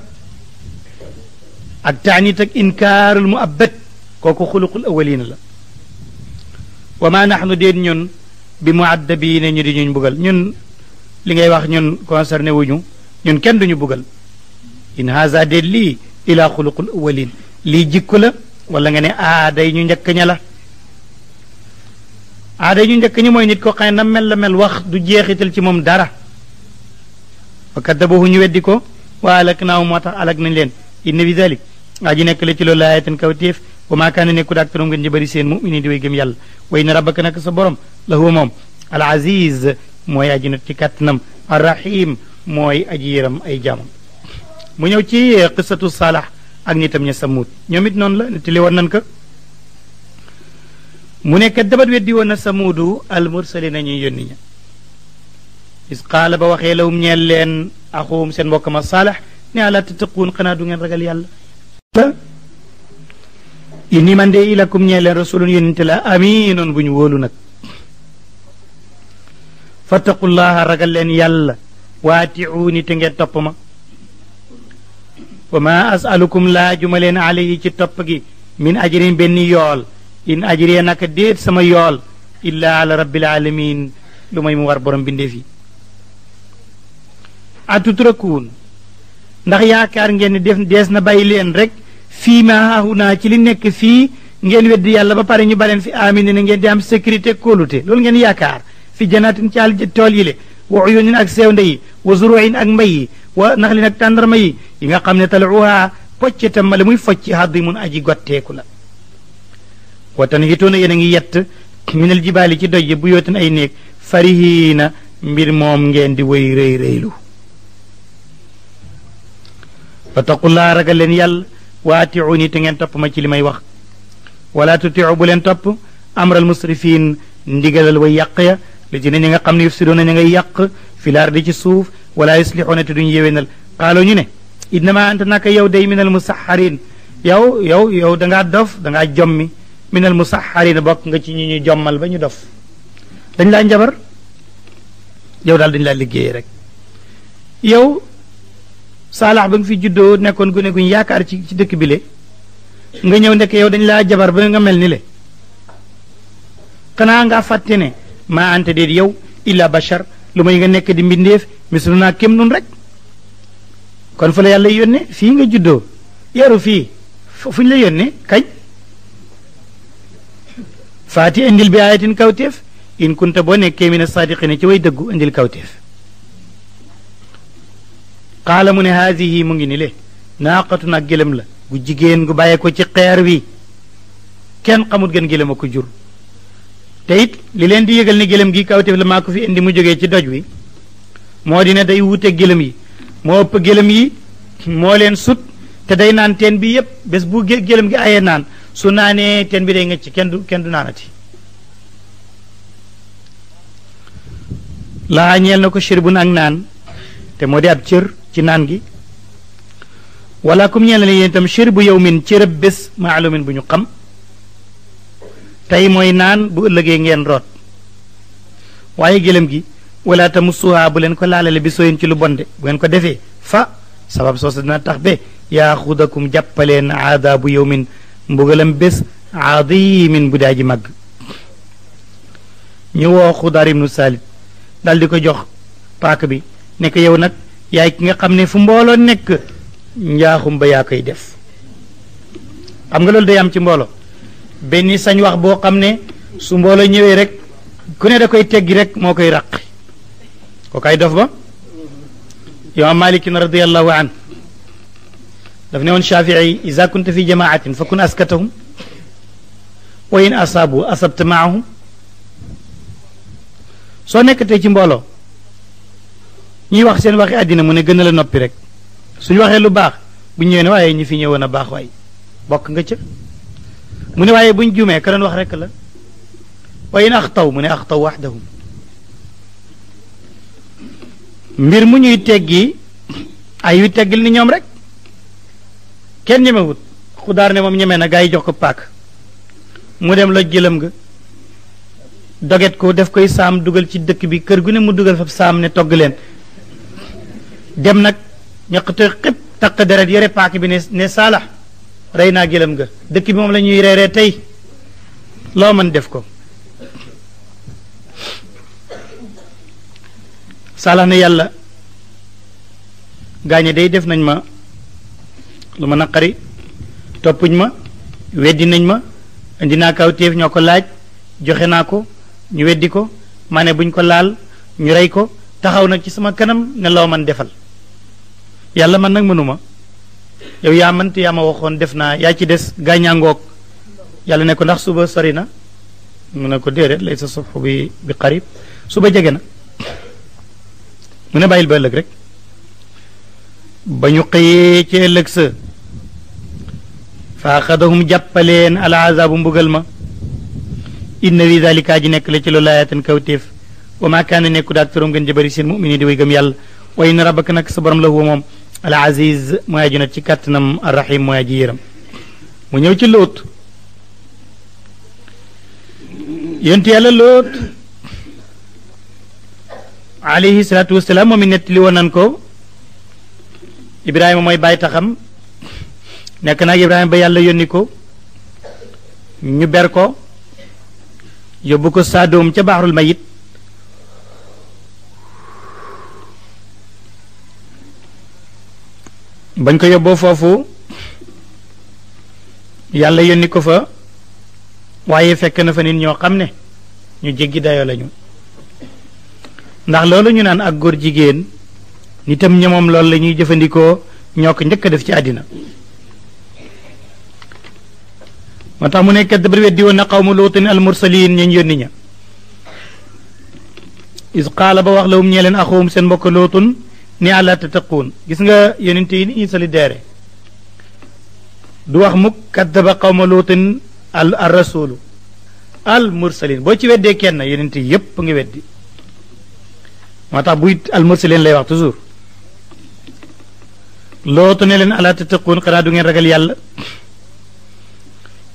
ak taanit ak inkaarul mu abbat kooku xuluqul awalina la wa ma naxnu déen ñun bi mu addabi ne ñu di ñuñ bugal ñun li ngay wax ñun concerné wuñu ñun kenn duñu bugal in haza déen lii ila xuluqul awalin lii jikku la walla nga ne aaday ñu njëkk ña la aaday ñu njëkk ñi mooy nit ko xam mel la mel wax du jeexital ci moom dara wa kaddabuhu ñu weddi ko wa alaknaahu moo tax alak nañ leen inna fi dalik aji nekk la ci loolu laayatan kawtéef wa maa kaana nekku daak tarom ngeen jëbëri seen muminin di way gëm yàlla wa inna rabbaka nak sa borom la huwa moom al aziz mooy aji not ci kàttanam ar rahim mooy aji yëram ay jaamam mu ñëw ci qissatu saalax ak nitam ña samuud ñoom it noonu la nettali woon nan ko mu nekk dabat weddi woon na samuudu al mursali nañuy yónni ña is qaala ba waxee lawum ñeel leen axuum seen mbokk ma saalex ne alaa tattaquun xanaa du ragal yàlla inni man de ilakum ñeel leen rasulun yonente la aminun bu ñu wóolu nag fattaqullaha ragal leen yàlla waaticuuni te ngeen ma wa ma asalukum laajuma leen alayhi ci topp gi min ajrin benn yool in ajriya naka déet sama yool illa ala rabbil alamin lu may mu war borom bindee atutrakuun ndax yaakaar ngeen def dees na bàyyi leen rek fii ma hahuna ci li nekk fii ngeen weddi yàlla ba pare ñu baleen fi amine ngeen di am sécurité kóolute loolu ngeen yaakaar fi janaatin ci àll tool yi le wa uyunin ak sewnde yi wa zuruin ak mbay yi wa naxlin ak tàndarma yi yi nga xam ne taluuha poccetam ma la muy focci hadimun aji gotteeku la wa tanhituuna yéen a ngi yett minal jibaali ci doj bu yooten ay néeg farihiina mbir moom ngeen di wéy rëy rëylu fattaqullaa ragal leen yàlla wa atiuni te ngeen topp ma ci li may wax wala tutiu bu leen topp amral musrifin ndigalal way yàq ya li ci ne ñi nga xam ne yufsidoona ña ngay yàq filaar di ci suuf wala yuslixuuna te duñu yéwénal xaaloo ñu ne innama anta naka yow day minal musaxarin yow yow yow dangaa dof dangaa jommi minal musaxarin bokk nga ci ñi ñu jommal ba ñu dof dañ laa njabar yow daal dañ laa liggéey rek saalax ba nga fi juddoo nekkoon gune guñ yaakaar ci ci dëkk bi le nga ñëw ndekk yow dañ laa jabar ba nga mel ni le xanaa nga fàtte ne maa anta déet yow illa bachar lu may nga nekk di mbindeef mislu naa kem noonu rek kon fu la yàlla yónne fii nga juddoo yaru fii fu ñu la yónne kañ faati indil bi ayatin kawteef in kunta boo nekkee mina saadiqina ci way dëggu indil kawteef qaala mu ne haadihi mu ngi ni le naaqatun ak gëlëm la gu jigéen gu bàyyee ko ci xeer wi kenn xamut gën gëlëm a ko jur te it li leen di yëgal ne gëlëm gi kawteef la maa ko fi indi mu jógee ci doj wi moo di ne day wute gëlëm yi moo ëpp gëlëm yi moo leen sut te day naan teen bi yépp bés bu gëlëm gi ayee naan su naanee teen bi day nga ci kenn du kenn du naanati laa ñeel na ko shirbun ak naan te moo di ab cër ci naan gi wala kum ñeel na yéen bu yow min cere rëb bés maalumin bu ñu xam tey mooy naan bu ëllëgee ngeen root waaye gëlëm gi wala tamussuha bu leen ko laalale bi sooyin ci lu bonde bu ngeen ko defee fa sabab soosa dina tax be yaaxudakum jàppaleen aadaabu yowmin mbugalam bés aadimin bu daa ji màgg ñu woo xudaar ibnu saalit ko jox paak bi nekk ko yow nag yaay ki nga xam ne fu mbooloo nekk njaaxum ba yaa koy def xam nga loolu day am ci mbooloo benn sañ wax boo xam ne su mbooloo ñëwee rek ku ne da koy teggi rek moo koy raq ko kay def ba imaam malikin radiallahu an daf ne woon shafii iza kunta fi jamaatin fa kun askatahum wa in asaabu asabta maahum soo nekkatee ci mbooloo ñuy wax seen waxi àddina mu ne gën a la noppi rek suñu waxee lu baax bu ñëwee ne waaye ñu fi ñëwoon a baax waay bokk nga ca mu ne waaye buñ jumee ka wax rek la waaye in axtaw mu ne axtaw waxdahum mbir mu ñuy teggi ay yu teggil ni ñoom rek kenn ñemewut xudaar ne moom ñemee na gaa yi jox ko paak mu dem la gëlëm nga doget ko def koy saam dugal ci dëkk bi kër gu ne mu dugal fa saam ne togg leen dem nag ñaqte xëpp takk deret yore paak bi ne ne saalax rey naa gëlëm ga dëkk bi moom la ñuy reeree tey loo mën def ko saalax ne yàlla gaañe dey def nañ ma lu ma naqari toppuñ ma weddi nañ ma indi naa kaw téef ñoo ko laaj joxe naa ko ñu weddi ko maa buñ ko laal ñu rey ko taxaw nag ci sama kanam ne loo mën defal yàlla man nag mënuma yow yaa man te yaa ma waxoon def naa yaa ci des gaañaangoog yàlla ne ko ndax suba sori na mu ne ko déedéet lay sa subhu bi suba jege na mu ne bàyyil ba ëllëg rek ba ñu xëyee ci ëllëg sa fa axadahum jàppaleen al azaabu mbugal ma inna fi dalika ji nekk la ci loolu laayatan kawtéef wa maa kaana nekku daak toroom gën jabari seen mumini di way gëm yàlla wa inna rabbaka nag sa borom la huwa moom العزيز ما يجينا تكتنا الرحيم ما يجيرم من يوتي لوت ينتي على لوت عليه الصلاة والسلام ومن يتلو ننكو إبراهيم ما يبعي تخم نكنا إبراهيم بي الله ينكو نبركو يبكو سادوم تبحر الميت bañ ko yóbboo foofu yàlla yónni ko fa waaye fekk na fa nit ñoo xam ne ñu jéggi dayoo lañu ndax loolu ñu naan ak góor jigéen nitam ña moom loolu la ñuy jëfandikoo ñokk ko njëkk a def ci àddina moo tax mu ne kaddabar weddi woon na qawmu luutin al mursalin ñañ yónni ña is qaala ba wax la hum ñee leen axuum seen mbokk lootun ni àlla tattaquun gis nga yonent yi ni solidaire du wax mukk kaddaba qawma luutin al rasulu al mursalin boo ci weddee kenn yonent yi yépp nga weddi moo tax buy al lay wax toujours lootu ne leen àlla tattaquun xanaa du ngeen ragal yàlla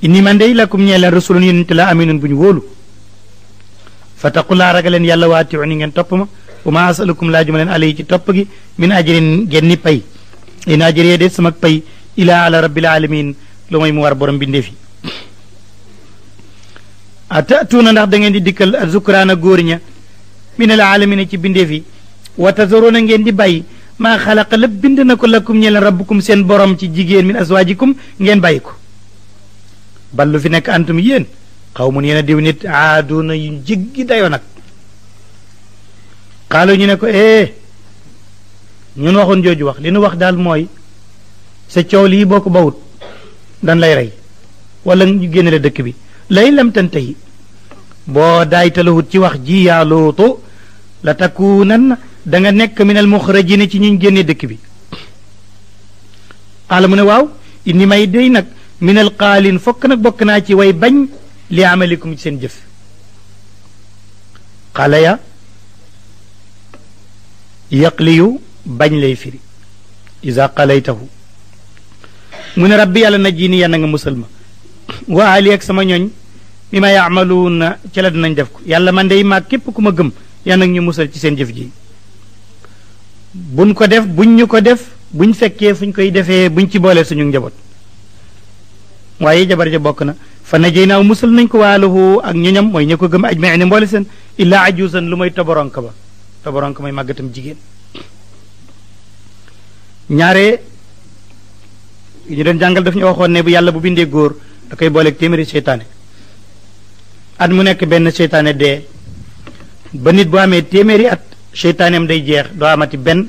inni man day lakum ñee leen rasulun yonent la aminun bu ñu wóolu fa taqu laa ragal leen yàlla waati ni ngeen topp ma wa ma asalukum laajuma leen alay ci topp gi min ajrin genni pay in ajriya de sama pay ilaa ala rabbil alamin lu mooy mu war borom bindeefi na ndax da ngeen di dikkal a zukraana góor ña min al alamina ci bindeefi wa tazaruuna ngeen di bàyyi maa xalaqa lépp bind na ko lakum ñeleen rabbukum seen borom ci jigéen min aswaajikum ngeen bàyyi ko ballu fi nekk antum yéen xaw mun yéen a diw nit aaduna yu jéggi dayoo nag xaalu ñu ne ko eh ñun waxuñ jooju wax li nu wax daal mooy sa coow lii bokk ko bawut dan lay rey wala ñu génne la dëkk bi lay lam tantahi boo daaytalawut ci wax ji yaa lootu la takunan da nga nekk minal muxrajina ci ñu génne dëkk bi xaala mu ne waaw ni may dey nag minal xaalin fokk nag bokk naa ci way bañ li amalikum ci seen jëf xaala yaqliyu bañ lay firi isa qalaytahu mu ne rabbi yàlla na jii ni yàlla nga musal ma wa ali ak sama ñooñ mi ma yaamaluuna na la dinañ def ko yàlla man dey maag képp ku ma gëm yàlla ñu musal ci seen jëf ji bun ko def buñ ñu ko def buñ fekkee fuñ koy defee buñ ci boole suñu njaboot waaye jabar ja bokk na fa najeynaaw musal nañ ko waalahu ak ñoñam mooy ña ko gëm ajmaina mboole seen illaa ajuusan lu may toboronk ba te borom ko mooy màggatam jigéen ñaare ñu doon jàngal daf ñu waxoon ne bu yàlla bu bindee góor da koy booleeg téeméeri seytaane at mu nekk benn seytaane dee ba nit bu amee téeméeri at seytaaneem day jeex doo amati benn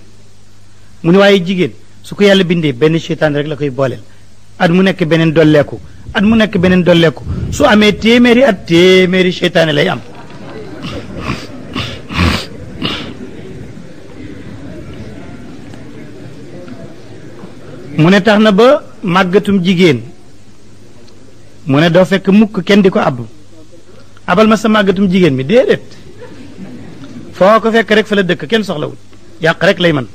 mu ne waaye jigéen su ko yàlla bindee benn seytaane rek la koy booleel at mu nekk beneen dolleeku at mu nekk beneen dolleeku su amee téeméeri at téeméeri seytaane lay am mu ne tax na ba màggatum jigéen mu ne doo fekk mukk kenn di ko àbb abal ma sa màggatum jigéen mi déedéet foo ko fekk rek fa la dëkk kenn soxlawul yàq rek lay man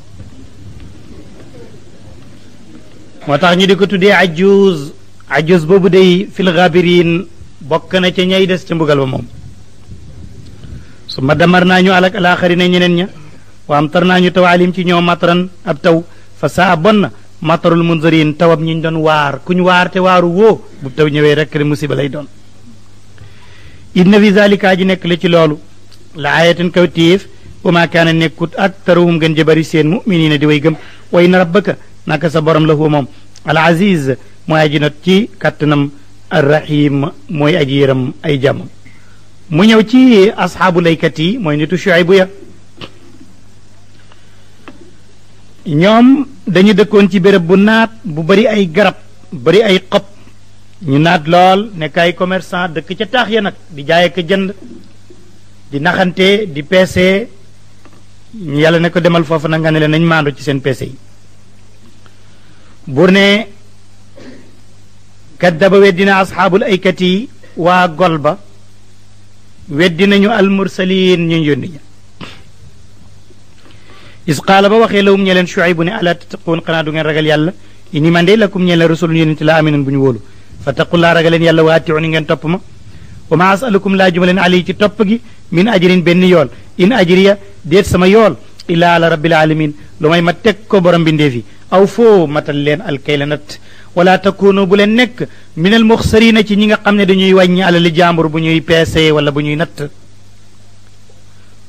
moo tax ñu di ko tuddee ajjuus ajjuus boobu day fil gaabiriin bokk na ca ñay des ca mbugal ba moom su ma damar naa ñu alak alaaxari na ñeneen ña wa am naa ñu tawaalim ci ñoo matran ab taw fa saa bon na matarul munzariin tawam ñi ñu doon waar ku ñu waar waaru woo bu taw ñëwee rek de musiba lay doon inna fi zalika nekk la ci loolu la ayatin kawtiif wa maa kaana nekkut aktaruhum gën jëbari seen muminina di way gëm way na rabbaka naka sa borom la huwa moom al aziz mooy aji not ci kàttanam arrahim mooy aji yëram ay jàmm mu ñëw ci asxaabu laykat yi mooy nitu Shuaybu ya ñoom dañu dëkkoon ci béréb bu naat bu bari ay garab bari ay xob ñu naat lool nekk ay commerçant dëkk ca taax ya nag di jaay ak jënd di naxante di peese ñu yàlla ne ko demal foofu nag nga ne leen nañ maandu ci seen peese yi buur ne kaddaba weddina asxaabul aykati waa gol ba weddi nañu ñu yónni is qaala waxee lawum ñe leen Shuaybu ne alaa tattaquun xanaa du ngeen ragal yàlla inni man de lakum ñe leen rasulun yonente la aminun bu ñu wóolu fattaqullaa ragal leen yàlla waati ni ngeen topp ma wa ma asalukum laa juma leen ali ci topp gi min ajrin benn yool in ajriya déet sama yool illaa ala rabbil alamin lu may ma teg borom bindee fi aw foo matal leen alkayla nat wala takunu bu leen nekk minal muxsarina ci ñi nga xam ne dañuy wàññi alali jàmbur bu ñuy peese wala bu ñuy natt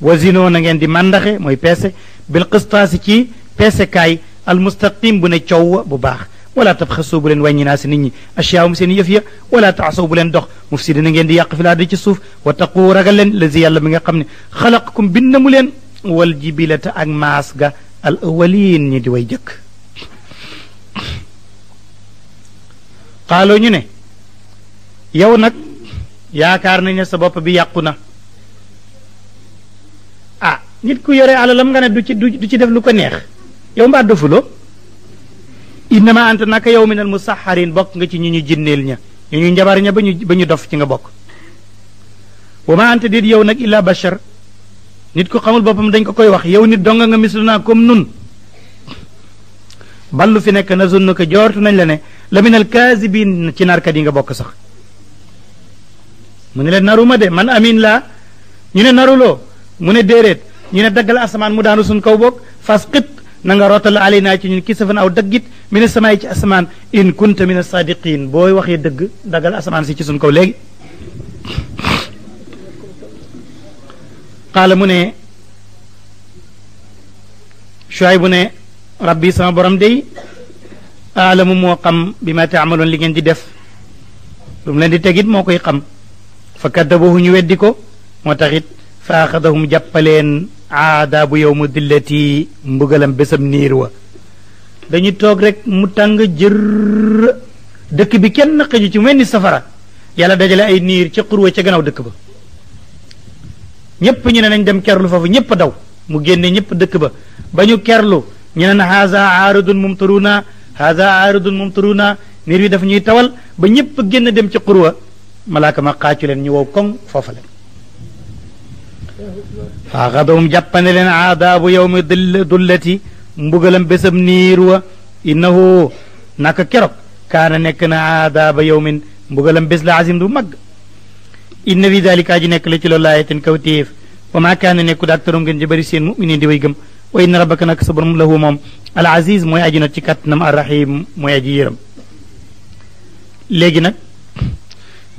wazinoo na ngeen di màndaxe mooy peese bil qistaasi ci peesekaay al mustaqim bu ne coow bu baax wala tabxasu bu leen wàññi naa si nit ñi asiyaahum seen yëf ya wala taasaw bu leen dox mufsidina ngeen di yàq fi laa di ci suuf wa taqu ragal leen lazi yàlla mi nga xam ne xalaqakum bind mu leen wal jibilata ak maas ga al awalin ñi di way jëkk xaaloo ñu ne yow nag yaakaar nañ ne sa bopp bi yàqu na nit ku yore alalam nga ne du ci du ci def lu ko neex yow mbaa inna ma anta naka yawmin al musaharin bok nga ci ñu ñu jinneel ña ñu ñu njabar ña bañu bañu dof ci nga bok wama anta déet yow nak illa bashar nit ku xamul bopam dañ ko koy wax yow nit donga nga misluna kom nun ballu fi nek na zunnu ko jortu nañ la ne la al kazibin ci ka di nga bok sax mune le naruma de man amin la ñu ne narulo mune deret ñu ne daggal asamaan mu daanu suñ kaw boog fas qit na nga rootal alaynaa ci ñun kisafan aw daggit min asamaay ci asamaan in kunta min asadiqin booy waxee dëgg daggal asamaan si ci suñ kaw léegi qaala mu ne Shuaybu ne rabbi sama borom day aalamu moo xam bi ma taamaloon li ngeen di def lu mu leen di tegit moo koy xam fa kaddabahu ñu weddi ko moo taxit fa axadahum jàppaleen aadaabu yow mu dillati mbugalam bésam niir wa dañu toog rek mu tàng jër dëkk bi kenn xëju ci mel ni safara yàlla dajale ay niir ca xurwa ca gannaaw dëkk ba ñépp ñu ne nañ dem kerlu foofu ñépp daw mu génne ñépp dëkk ba ba ñu kerlu ñu ne na haza aaridun mumtiruna haza aaridun mumtiruna niir wi daf ñuy tawal ba ñépp génn dem ci xurwa malaaka ma xaacu leen ñu wow koŋ foofa فأخذهم جبا عذاب يوم ذل ذلتي mbugalam bésam niir wa innahu naka keroog kaana nekk na aadaaba yowmin mbugalam bés la azim du mag inna fi dalika aji nekk la ci loolu laayatin kaw téef wa maa kaana nekku da aktarum gën jabari seen muminin di way gëm wa inna rabbaka nag sa borom lahu moom al aziz mooy aji not ci kàttanam arrahim mooy aji yërëm léegi nag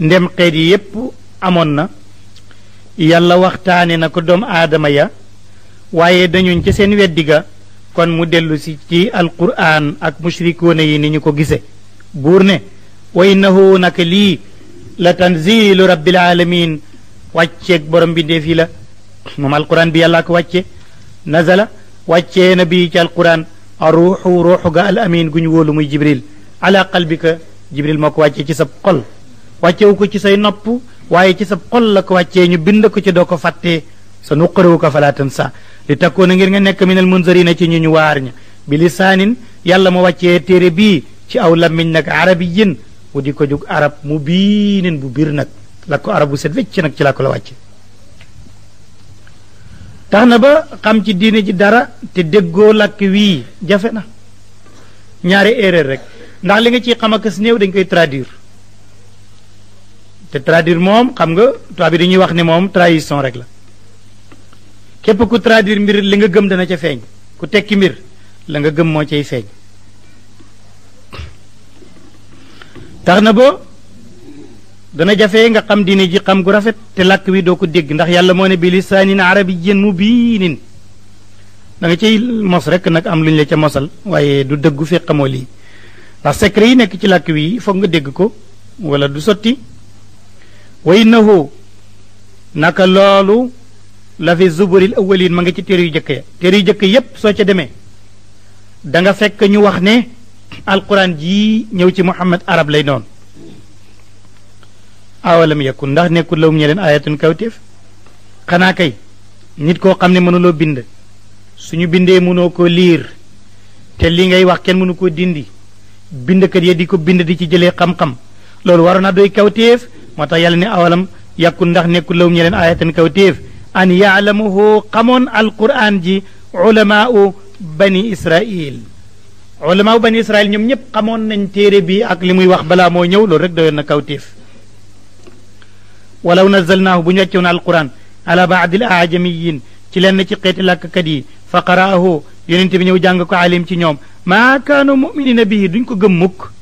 ndem xeet yi yépp amoon na yàlla waxtaane na ko doom aadama ya waaye dañuñ ca seen weddi ga kon mu dellusi si ci alquraan ak mushrikuuna yi ni ñu ko gise buur ne wa innahu naka lii la tanzilu rabbil alamin wàcceeg borom bi ndeef yi la moom alquraan bi yàllaa ko wàcce nazala wàccee na bi ci alquraan a ruuxu ruuxu ga al amin gu ñu wóolu muy jibril ala qalbika jibril moo ko wàcce ci sab xol wàccewu ko ci say nopp waaye ci sa xol la ko wàccee ñu bind ko ci doo ko fàttee sa nuqariwu ko falaatan sa li takkoona ngir nga nekk mi minal munzarina ci ñu ñu waar ña bi lisaanin yàlla ma wàccee téere bii ci aw lammiñ nag arabiyin wu di ko jug arab mu biinin bu biir nag la ko arab bu set wecc nag ci la ko la wàcce tax na ba xam ci diine ji dara te déggoo làkk wii jafe na ñaari erreur rek ndax li nga ciy xam a kas néew dañ koy traduire te traduire moom xam nga tubaab bi dañuy wax ne moom trahison rek la képp ku traduire mbir li nga gëm dana ca feeñ ku tekki mbir la nga gëm moo cay feeñ tax na ba dana jafe nga xam diine ji xam gu rafet te làkk wi doo ko dégg ndax yàlla moo ne bi lisaanin arabiyyin mubiinin da danga cay mos rekk nag am lu ñu la ca mosal waaye du dëggu fekk xamoo lii ndax secret yi nekk ci làkk wi foog nga dégg ko wala du sotti way innahu naka loolu la fi zuburil awwalin ma nga ci téere yu jëkk ya téere jëkk yépp soo ca demee danga fekk ñu wax ne alquran ji ñëw ci muhammad arab lay doon awalam yakun ndax nekkul lawum ñe leen ayatun kawtéef xanaa kay nit koo xam ne mënuloo bind suñu bindee mënoo ko liir te li ngay wax kenn mënu koo dindi bindkat ya di ko bind di ci jëlee xam-xam loolu waroon naa doy kawtéef mata yàlla ne awalam yàkkun ndax nekul lawum ñeleen ayatan kaw téef an ya'lamuhu qamun alquran ji ulamaau bani israil ulamaau bani israil ñom ñep xamoon nañ téré bi ak limuy wax bala mo ñëw loolu rek doyon na kaw téef walaw nazzalnahu bu ñeccuna alquran ala baadil aajamiyin ci lenn ci xeeti làkkat yi fa qaraahu yonent bi ñëw jàng ko alim ci ñom ma kanu muminina bihi duñ ko gëm mukk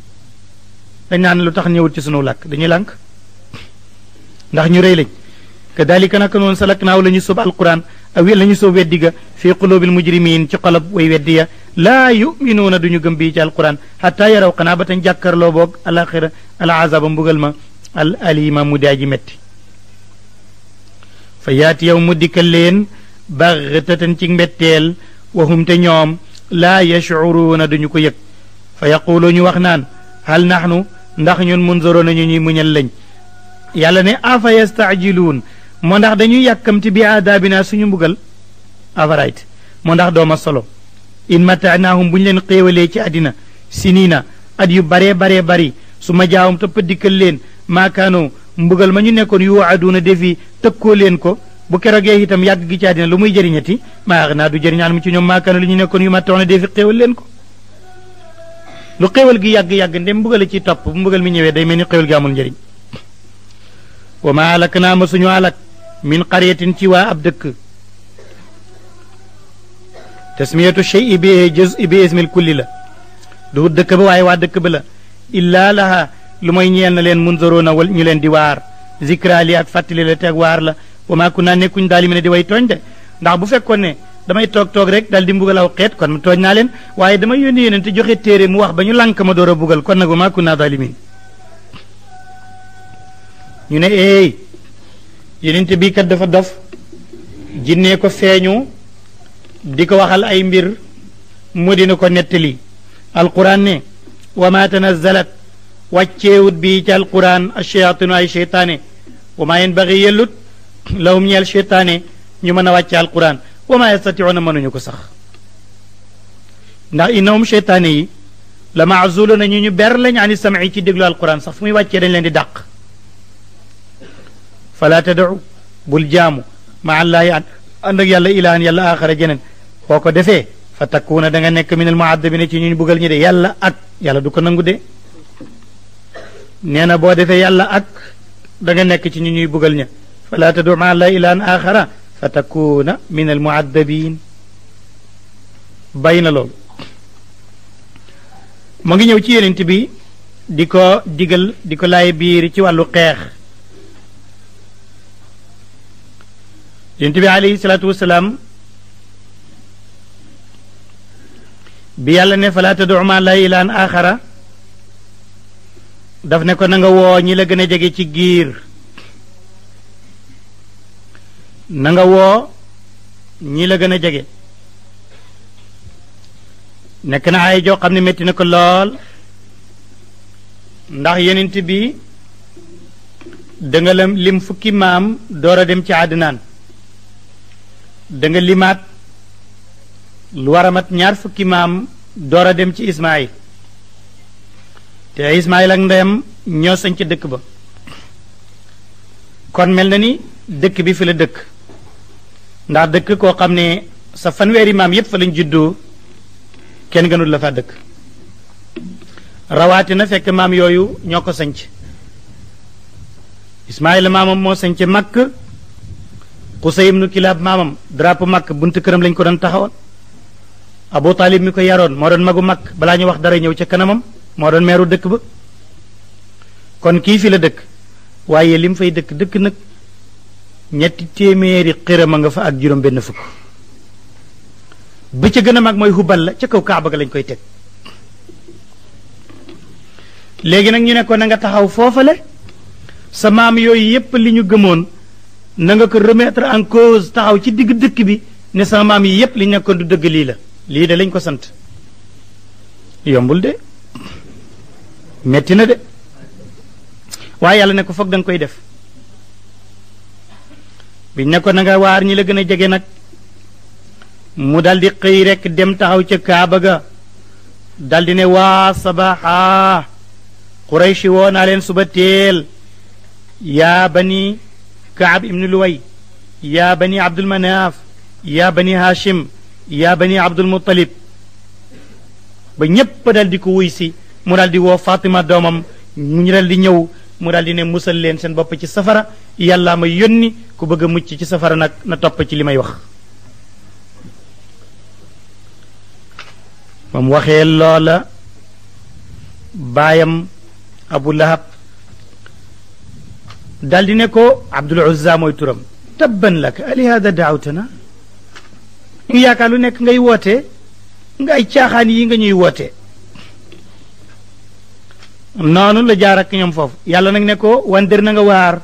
dañ nan lu tax ñëwut ci sunu lak dañuy lànk ndax ñu reey lañ ka dalika nak non salaknaaw la ñu soob alquran aw la lañu sub weddiga fi qulubil mujrimin ci xolab way weddi ya laa yuminuuna duñu gëm bi ci alquran hatta yaraw qanabatan jakkar lo bok alakhir alazab mbugal ma al alima mu metti fa yaati yow baghtatan ci leen wa hum te ñoom la yash'uruna duñu ko yek fayaqulu ñu wax naan hal nahnu ndax ñun munzuruna ñu ñuy muñal lañ yàlla ne afa yastaajiluun moo ndax dañuy yàkkamti bi aadaabinaa suñu mbugal avarayt moo ndax dooma solo in mataanaahum bu ñu leen xéewalee ci àddina siniina at yu baree baree bari su ma jaawam toppa dikkal leen maakaano mbugal ma ñu nekkoon yu waaduuna defi tëkkoo leen ko bu kerogee itam yàgg gi ci àddina lu muy jëriñati maax naa du jëriñ an mu ci ñoom maakaano li ñu nekkoon yu ma toona defi xéewal leen ko lu xéewal gi yàgg-yàgg ndem mbugal a ci topp bu mbugal mi ñëwee day mel ni xéewal gi amul وما لكنا مسنو علق من قرية تنتوى أبدك تسمية الشيء بي جزء بي اسم الكل لا دو دك بو اي وادك بلا الا لها لمي نيان لين منذرون ول ديوار ذكرى لي اك فاتلي لا لا وما كنا نيكون دالي من دي واي توين دي دا بو فيكون توك توك ريك دال دي مبوغلا وخيت كون لين واي يوني يونت جوخي تيري مو لانك ما دورو بوغل وما كنا ظالمين ñu ne eey yenente bi kat dafa dof jinnee ko feeñu di ko waxal ay mbir mu dina ko nettali alquran ne wa ma tanazzalat wàcceewut bi ci alquran ashayatinu ay cheytaane wa ma yanbagi yellut lahum ñeel cheytaane ñu mën a wàcce alquran wa ma yastatiuna mënuñu ko sax ndax innahum cheytaane yi la maazuluna ñu ñu ber lañ ani sam'i ci déglu alquran sax fu muy wàccee dañ leen di dàq fala tadau bul jaamu maallaahi an ànd ak yàlla ilahan yàlla aaxara jeneen boo ko defee fa takkuuna da nga nekk min al muadabina ci ñuñ bugal ñi de yàlla ak yàlla du ko nangu de nee boo defee yàlla ak danga nekk ci ñu ñuy buggal ña fala tadu maallaahi ilahan aaxara fa takkuuna min al muadabin bàyyi na loolu mu ngi ñëw ci yenent bi di ko digal di ko laay biir ci wàllu xeex yonent bi alayhi salaatu wasalaam bi yàlla ne falaa tad'u maa laahi ilaahan aaxara daf ne ko na nga woo ñii la gën a jege ci giir nanga woo ñii la gën a jege nekk na ay joo xam ne métti ne ko lool ndax yonent bi danga lam lim fukki maam door a dem ci àddinaan danga limaat lu war a mat ñaar fukki maam door a dem ci Ismaayil te Ismaayil ak ndeyam ñoo sañ ci dëkk ba kon mel na ni dëkk bi fi la dëkk ndax dëkk koo xam ne sa fanweeri maam yépp fa lañ juddoo kenn gënul la fa dëkk rawaati na fekk maam yooyu ñoo ko sañc Ismaayil maamam moo sañc Makk Qusay ibnu Kilaab maamam drapeau Makka bunt këram lañ ko doon taxawoon Abu Taalib mi ko yaroon moo doon magu mag balaa ñu wax dara ñëw ca kanamam moo doon meeru dëkk ba kon kii fi la dëkk waaye li mu fay dëkk dëkk nag ñetti téeméeri xiram a nga fa ak juróom benn fukk ba ca gën a mag mooy xubal la ca kaw kaaba ga lañ koy teg léegi nag ñu ne ko na nga taxaw foofale sa maam yooyu yépp li ñu gëmoon na nga ko remetre en cause taxaw ci digg dëkk bi ne sama yi yépp li nekkoon du dëgg lii la lii de lañ ko sant yombul de metti na de waaye yàlla ne ko foog danga koy def bi ne ko na nga waar ñi la gën a jege nag mu daldi xëy rekk dem taxaw ca kaaba ga daldi ne waa sabaxa qurayshi woo naa leen suba teel yaa bani kaab ibnu luway yaa bani abdul manaaf yaa bani haashim yaa bani abdul muttalib ba ñépp daal di ko wuy mu daldi woo fatima doomam mu ñu daal di ñëw mu daldi ne musal leen seen bopp ci safara yàllaa ma yónni ku bëgg a mucc ci safara nag na topp ci li may wax ba mu loola baayam abu lahab daal di ne ko Abdul Uzza mooy turam tabban laka alihada daawtana ñu yaakaar lu nekk ngay woote nga ay caaxaan yi nga ñuy woote noonu la jaar ak ñoom foofu yàlla nag ne ko wandir na nga waar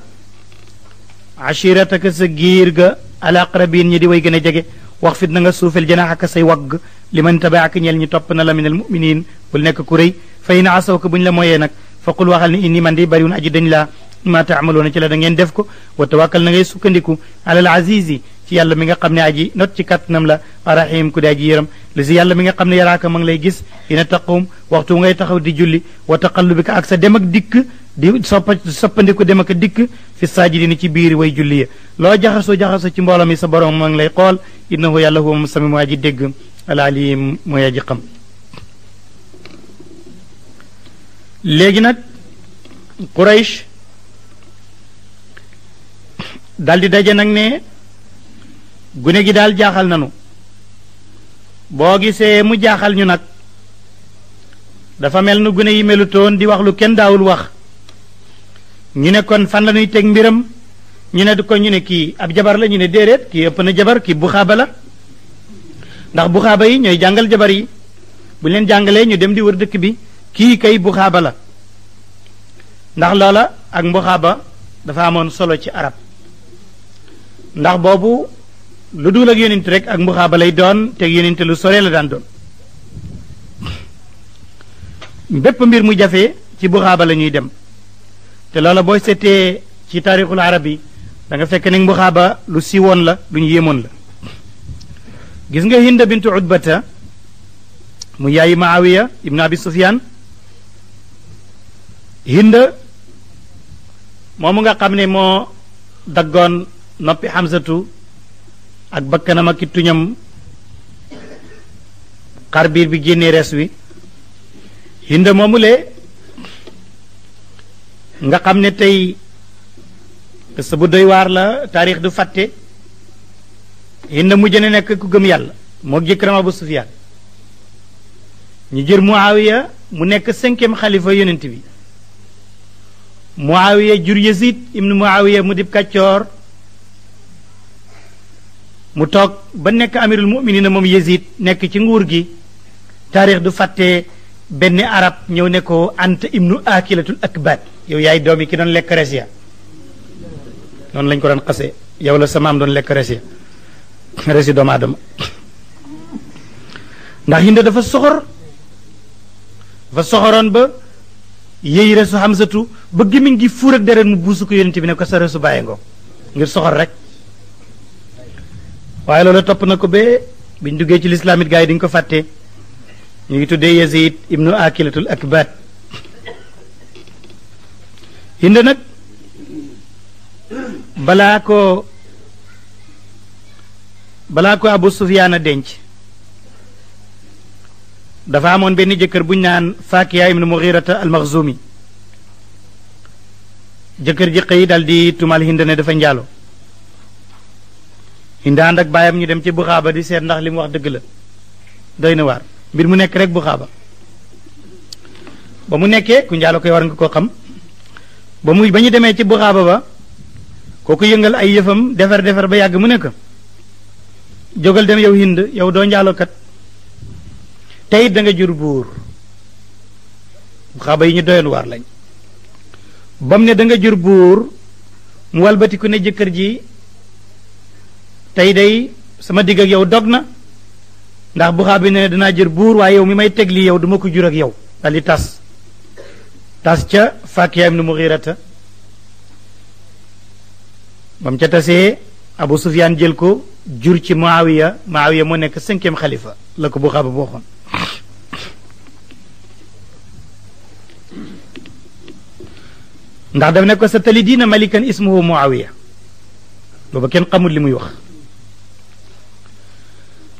achirataka sa giir ga al aqrabin ñi di way gën a jege wax fit na nga suufel janaaxaka say wagg li man tabaaka ñeel ñi topp na la min al muminin nekk ku fay fa in asawka bu la mooyee nag fa qul waxal ni inni man di bariwun aji dañ laa ما تعملون كلا دعين دفكو وتوكل نعي سكنديكو على العزيزي في يالله ميغا قمنا اجي نوت تي كات نملا ارحيم كودي اجي يرم لزي يالله ميغا قمنا يراك مان لاي غيس ان تقوم وقتو غاي تخاو دي جولي وتقلبك اكسا ديمك ديك دي سوب ديمك ديك في ساجدين تي بير واي جولي لو جاخاسو جاخاسو تي مبولامي سا بوروم مان لاي قول انه يالله هو مسمي ماجي دغ العليم مو لجنة قريش dal di daje nag ne gune gi daal jaaxal nanu boo gisee mu jaaxal ñu nag dafa mel nu gune yi melutoon di wax lu kenn daawul wax ñu ne kon fan la teg mbiram ñu ne ko ñu ne kii ab jabar la ñu ne déedéet kii ëpp na jabar kii buxaaba la ndax buxaaba yi ñooy jàngal jabar yi bu leen jàngalee ñu dem di wër dëkk bi kii kay buxaaba la ndax loola ak mbuxaaba dafa amoon solo ci arab ndax boobu lu dul ak yonent rek ak mbuxaaba lay doon te yonent lu sore la daan doon bépp mbir mu jafe ci buxaaba la ñuy dem te loola boo seetee ci taarixul arab da nga fekk ne buxaaba lu siiwoon la lu ñu yéemoon la gis nga hinda bintu utbata mu yaayi maawiya ibn abi sufyan hinda moomu nga xam ne moo noppi xamsatu ak bakkanam ak i tuñam xar bi génnee res wi hinda moomulee nga xam ne tey sa bu doy waar la taarix du fàtte hinda mujj na nekk ku gëm yàlla moo jëkkëram Abu Sufyaan ñu jër Muawiya mu nekk cinquième xalifa yonent bi Muawiya jur Yazid ibnu Muawiya mu dib kàccoor mu toog ba nekk amirul muminina moom Yazid nekk ci nguur gi taarix du fàtte benn arab ñëw ne ko anta ibnu akilatul akbaat yow yaay doomi ki doon lekk res ya noonu lañ ko doon xase yow la samaam doon lekk res ya resi doomu aadama ndax Hind dafa soxor fa soxoroon ba yéy resu Hamsatu ba gémmiñ gi fuur ak deret mu buusu ko yonente bi ne ko sa resu bàyyi ngo ngir soxor rek waaye loolu topp na ko bee biñ duggee ci lislaam it gaa yi dañu ko fàtte ñu ngi tuddee Yazid ibnu Akilatul Akbat Hind nag balaa ko balaa ko Abu Sufyaan denc dafa amoon benn jëkkër buñ naan Faakiya ibnu Mughirata al-Makhzumi jëkkër ji xëy dal di tumal Hind ne dafa njaalo indi ànd ak baayam ñu dem ci buxaaba di seet ndax li mu wax dëgg la doy na waar mbir mu nekk rek buxaaba ba mu nekkee ku njaalo koy war nga koo xam ba muy ba ñu demee ci buxaaba ba ko yëngal ay yëfam defar defar ba yàgg mu nekk jógal dem yow hind yow doo njaalokat tey da nga jur buur buxaaba yi ñu doyoon waar lañ ba ne da jur buur mu walbatiku ne jëkkër ji tey day sama digg ak yow dog na ndax buxaa bi ne dinaa jër buur waaye yow mi may teg lii yow duma ko jur ak yow dal di tas tas ca Fakiya ibnu Mughirata ba mu ca tasee Abu Sufyaan jël ko jur ci Muawiya Muawiya moo nekk cinquième xalifa la ko buxaa ba booxoon ndax daf ne ko sa tali diina malikan ismuhu Muawiya booba kenn xamul li muy wax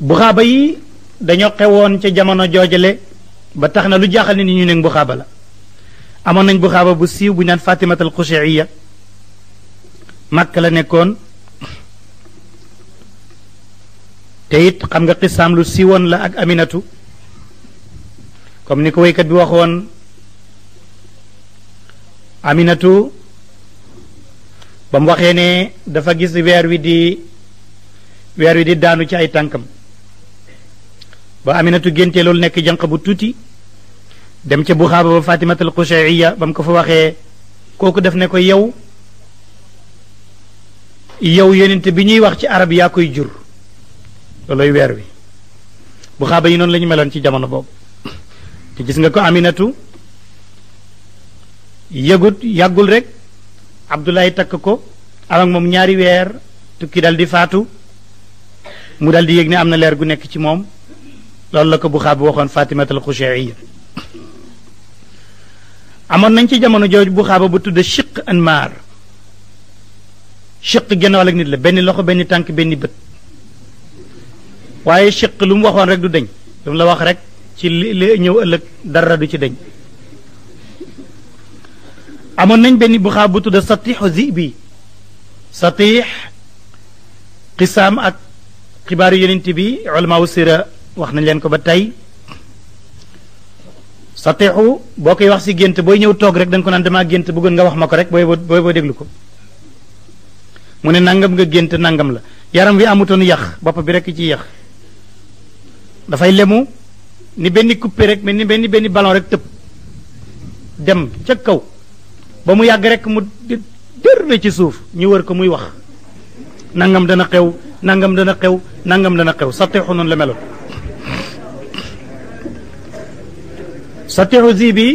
buxaaba yi dañoo xewoon ca jamono joojale ba tax na lu jaaxal ni ñu ne buxaaba la amoon nañ buxaaba bu siiw bu naan fatimat al xushaiya màkk la nekkoon te it xam nga xisaam lu siiwoon la ak aminatu comme ni ko waykat bi waxoon aminatu ba mu waxee ne dafa gis weer wi di weer wi di daanu ci ay tànkam ba aminatu genté lol nek jank bu tuti dem ci bukhaba ba fatimatul al ba bam ko fa waxé koku def ne ko yow yow yonent bi ñuy wax ci arab ya koy jur looloy wer wi bukhaba yi non lañu melon ci jamono bob te gis nga ko aminatu yegut yagul rek abdullahi tak ko am ak moom ñaari wer tukki daldi fatu mu daldi di amna leer gu nek ci mom loolu la ko buxaab waxoon fatimatal xushaiya amoon nañ ci jamono jooju buxaaba bu tudd chiq anmar chiq genn-wàll ak nit la benn loxo benn tànk benn bët waaye chiq lu mu waxoon rek du deñ lu mu la wax rek ci li ñëw ëllëg dara du ci deñ amoon nañ benn buxaab bu tudd satixu zibi satix xisaam ak xibaaru yenent bi ulama wu wax nañ leen ko ba tey satihu boo wax si gént booy ñëw toog rek dañ ko naan dama gént bëggoon nga wax ma ko rek booy booy boo déglu ko nangam nga gént nangam la yaram wi amutoon yax bopp bi rek ci yax dafay lemu ni benn coupé rek mais ni benn benn ballon rek dem ca kaw ba mu yàgg rek mu dër ci suuf ñu wër ko muy wax nangam dana xew nangam dana xew nangam dana xew satixu noonu la meloon Satyruzi bi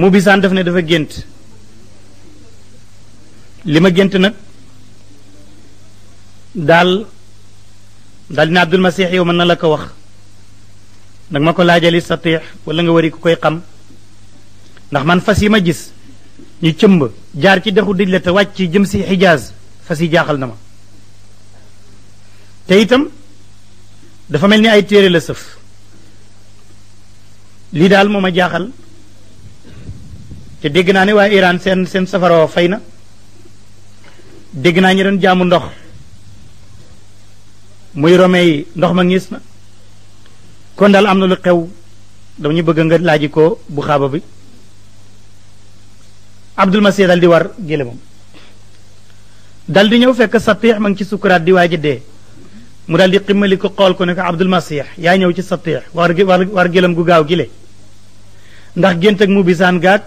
mu bisaan daf ne dafa gént li ma gént nag daal daal dina Abdul Masix yow mën na la ko wax danga ma ko laajali satix wala nga wari ku koy xam ndax man fas yi ma gis ñu cëmb jaar ci dexu dij la te wàcc jëm si xijaaz fas yi jaaxal na ma te itam dafa mel ni ay téere la sëf li dal moma jaxal te deg na ne wa Iran sen safaro fayna deg na dégg don ñi doon ndox muy romé yi ndox ma ngiss na kon dal amna lu xew dama ñu bëgg nga laaji ko bu xaba bi abdul masih dal di war mom dal di ñew fekk satih ma ngi ci sukura di waji de mu dal di ko ko ne ko abdul masih ya ñew ci satih war war war gu gaaw gile ndax gént ak mu bisaan gaag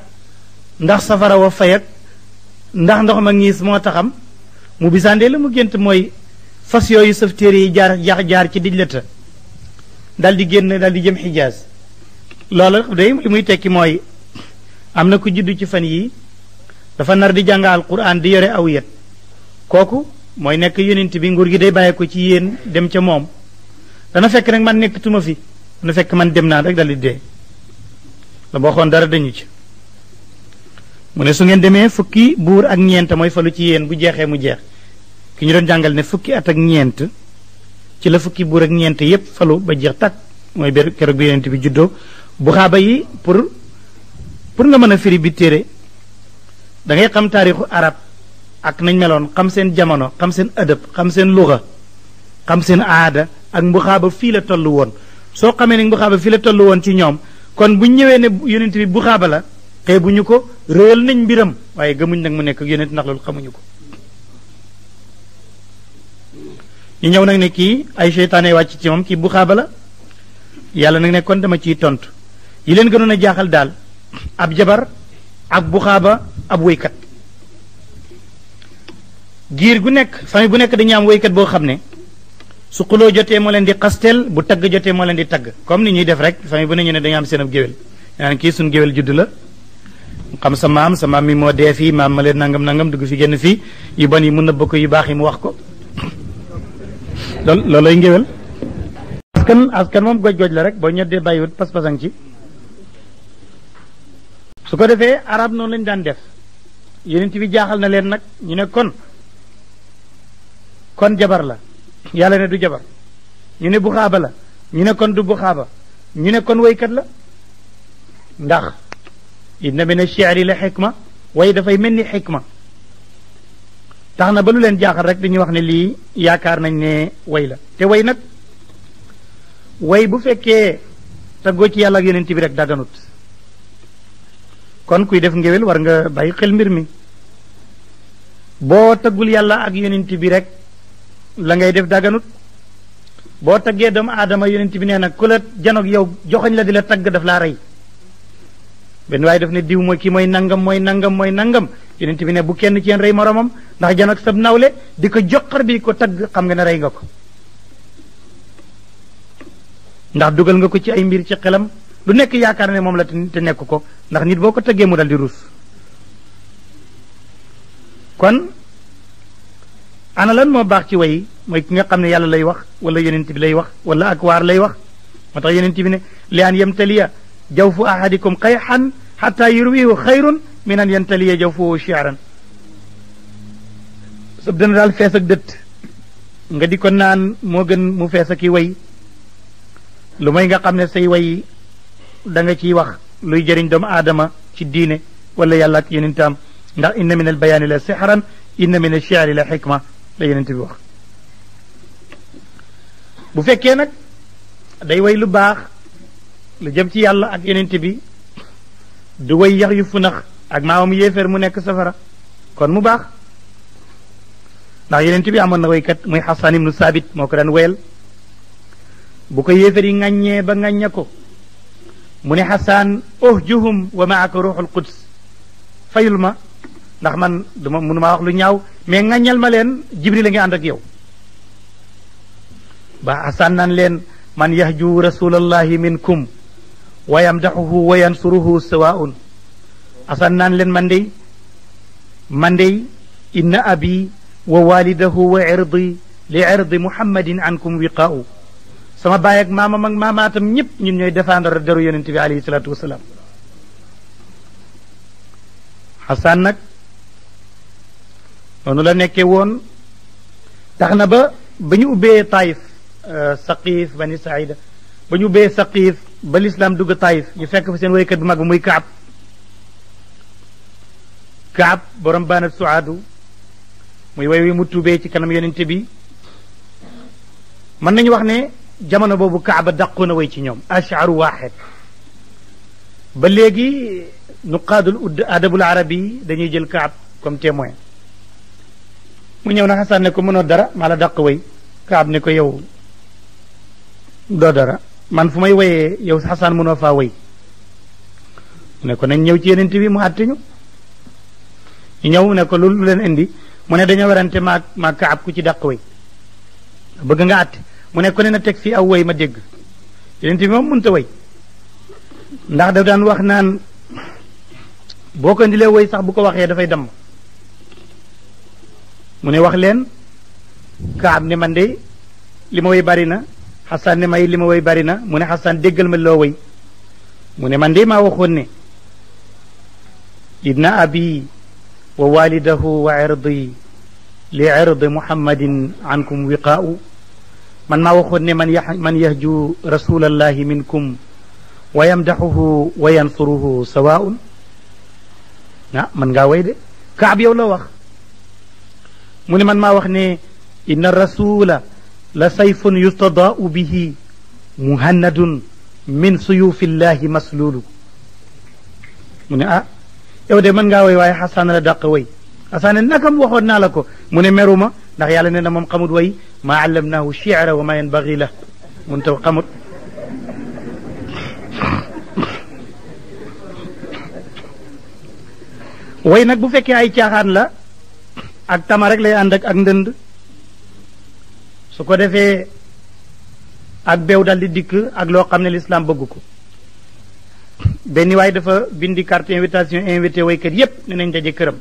ndax safara wa fayag ndax ndox ma ngiis moo taxam mu bisaan de la mu gént mooy fas yooyu saf téere yi jaar jaar ci dijlata dal di génn dal di jëm xijaas loola day li muy tekki mooy am na ku juddu ci fan yii dafa nar di jàng alquran di yore aw yet kooku mooy nekk yonent bi nguur gi day bàyyi ko ci yéen dem ca moom dana fekk rek man nekk tuma fi dana fekk man dem naa rek dal di dee la ma waxoon dara dañu ci mune su ngeen demee fukki buur ak ñeent mooy falu ci yeen bu jeexee mu jeex ki ñu doon jàngal ne fukki at ak ñeent ci la fukki buur ak ñeent yépp falu ba jeex tak mooy ber keroog bi yonent bi juddoo bu xaaba yi pour pour nga mën firi bi téere da ngay xam taarixu arab ak nañ meloon xam seen jamono xam seen adab xam seen luga xam seen aada ak mbuxaaba fii la toll woon soo xamee ne mbuxaaba fii la toll woon ci ñoom kon bu ñëwee ne yonent bi bu xaaba la xeebuñu ko réyal nañ mbiram waaye gëmuñ nag mu nekk yonent ndax loolu xamuñu ko ñu ñëw nag ne kii ay seytaane wàcc ci moom kii bu xaaba la yàlla nag ne kon dama ciy tontu yi leen gënoon a jaaxal daal ab jabar ak bu xaaba ab woykat giir gu nekk famille bu nekk dañuy am woykat boo xam ne su xuloo jotee mo len di xastel bu tagg jotee mo len di tagg comme ni ñi def rek fami bu ne ñu ne dañu am seen ab géwél naan kii suñ géwél judd la xam sa maam sa maam mi mo dee fi maam ma len nangam nangam dug fi genn fi yu ban yi mun na yu bax yi mu wax ko lool askan askan mom goj goj la rek boo pas pasang ci su ko defé arab non lañ daan def yeneen bi jaaxal na len nak ñu ne kon kon jabar la yàlla ne du jabar ñu ne bu xaaba la ñu ne kon du bu xaaba ñu ne kon waykat la ndax inna na ash-shi'ri la xikma waye dafay mel ni xikma tax na ba lu leen jaaxal rek dañuy wax ne lii yaakaar nañ ne way la te way nag way bu fekkee taggoo ci yàlla ak yonent bi rek daganut kon kuy def ngéwél war nga bàyyi xel mbir mi boo taggul yàlla ak yonent bi rek la ngay def daganut boo taggee doomu aadama yonent bi nee nag ku la janoog yow joxoñ la di la tagg daf laa rey benn waaye daf ne diw mooy kii mooy nangam mooy nangam mooy nangam yonent bi ne bu kenn ci yéen rey moroomam ndax janoog sab nawle di ko joxar bi ko tagg xam nga ne rey nga ko ndax dugal nga ko ci ay mbir ci xelam lu nekk yaakaar ne moom la te nekk ko ndax nit boo ko tëggee mu dal di ruus kon ana lan moo baax ci way mooy ki nga xam ne yàlla lay wax wala yonent bi lay wax wala ak waar lay wax moo tax yonent bi ne li an yamtaliya jawfu ahadikum qayxan xata yurwihu xayrun min an yamtaliya jawfuhu chiaran sëb dana daal fees dët nga di ko naan moo gën mu fees ak i way lu may nga xam ne say way danga nga ciy wax luy jëriñ doomu aadama ci diine wala yàlla ak yonentam ndax inna min al bayaani la sixran inna min al chiari la xikma la yonent bi wax bu fekkee nag day way lu baax lu jëm ci yàlla ak yonent bi du way yax yu funax ak maamam yéeféer mu nekk safara kon mu baax ndax yonent bi amoon na waykat muy xasaan ibnu saabit moo ko daan wayal bu ko yéeféer yi ŋàññee ba ŋàñña ko mu ne xasaan oh juhum wa maaka ruuxul quds fayul ma ndax man duma mënuma wax lu ñaaw mais ngañal ma leen jibril nga ngi ak yow ba asan nan leen man yahju rasulullahi minkum wa yamdahuhu wa yansuruhu sawaun asan nan leen man dey man dey inna abi wa walidahu wa irdi li irdi muhammadin ankum wiqa'u sama baye ak maamam ak maamaatam ñep ñun ñoy defandre deru yonnati bi alayhi salatu wassalam xasaan nak noonu la nekké won taxna ba bañu ubé taif saqif bani saida bañu ubé saqif ba l'islam dugg taif ñu fekk fa seen waykat bu mag muy kaab kaab borom banat suadu muy way wi mu tubé ci kanam yonente bi man nañ wax ne jamono bobu kaaba daquna way ci ñom ash'aru wahid ba légui nuqadul udd adabul arabiy dañuy jël kaab comme témoin mu ñëw na xasan ne ko mënoo dara mala dàq way kaab ne ko yow doo dara man fu may wayee yow xasan mënoo faa way ne ko nañ ñëw ci yeneen bi mu àtte ñu ñu ñëw ne ko lu leen indi mu ne dañoo warante maa maa kaab ku ci dàq way bëgg nga àtte mu ne ko ne na teg fi aw way ma dégg yeneen bi moom munta way ndax da daan wax naan boo ko ndilee way sax bu ko waxee dafay damm mu ne wax leen kaab ne man de li ma woy bari na xasaan ne may li ma woy bari na mu ne xasaan déggal ma loo woy mu ne man de maa waxoon ne ibna abi wa walidahu wa irdi li irdi muhammadin ankum wiqaa'u man maa waxoon ne man man yahju rasulallahi minkum wa yamdaxuhu wa yansuruhu sawaun ah man ngaa way de kaab yow la wax mu ne man maa wax ne inna rasula la sayfun yustadaau bihi muhannadun min suyufillahi maslulu mu ne ah yow de mën ngaa woy waaye xasaana la dàq woy xasaana nakam waxoon naa la ko mu ne meruma ndax yàlla nee na moom xamut way maa allamnaahu shi'ra wa maa yanbaghi la mun taw xamut way nag bu fekkee ay caaxaan la ak tama rek lay and ak ak ndënd su ko defee ak bew dal di dikk ak loo xam ne lislaam ko dafa bindi carte invitation invité waykat yépp ne nañ daje këram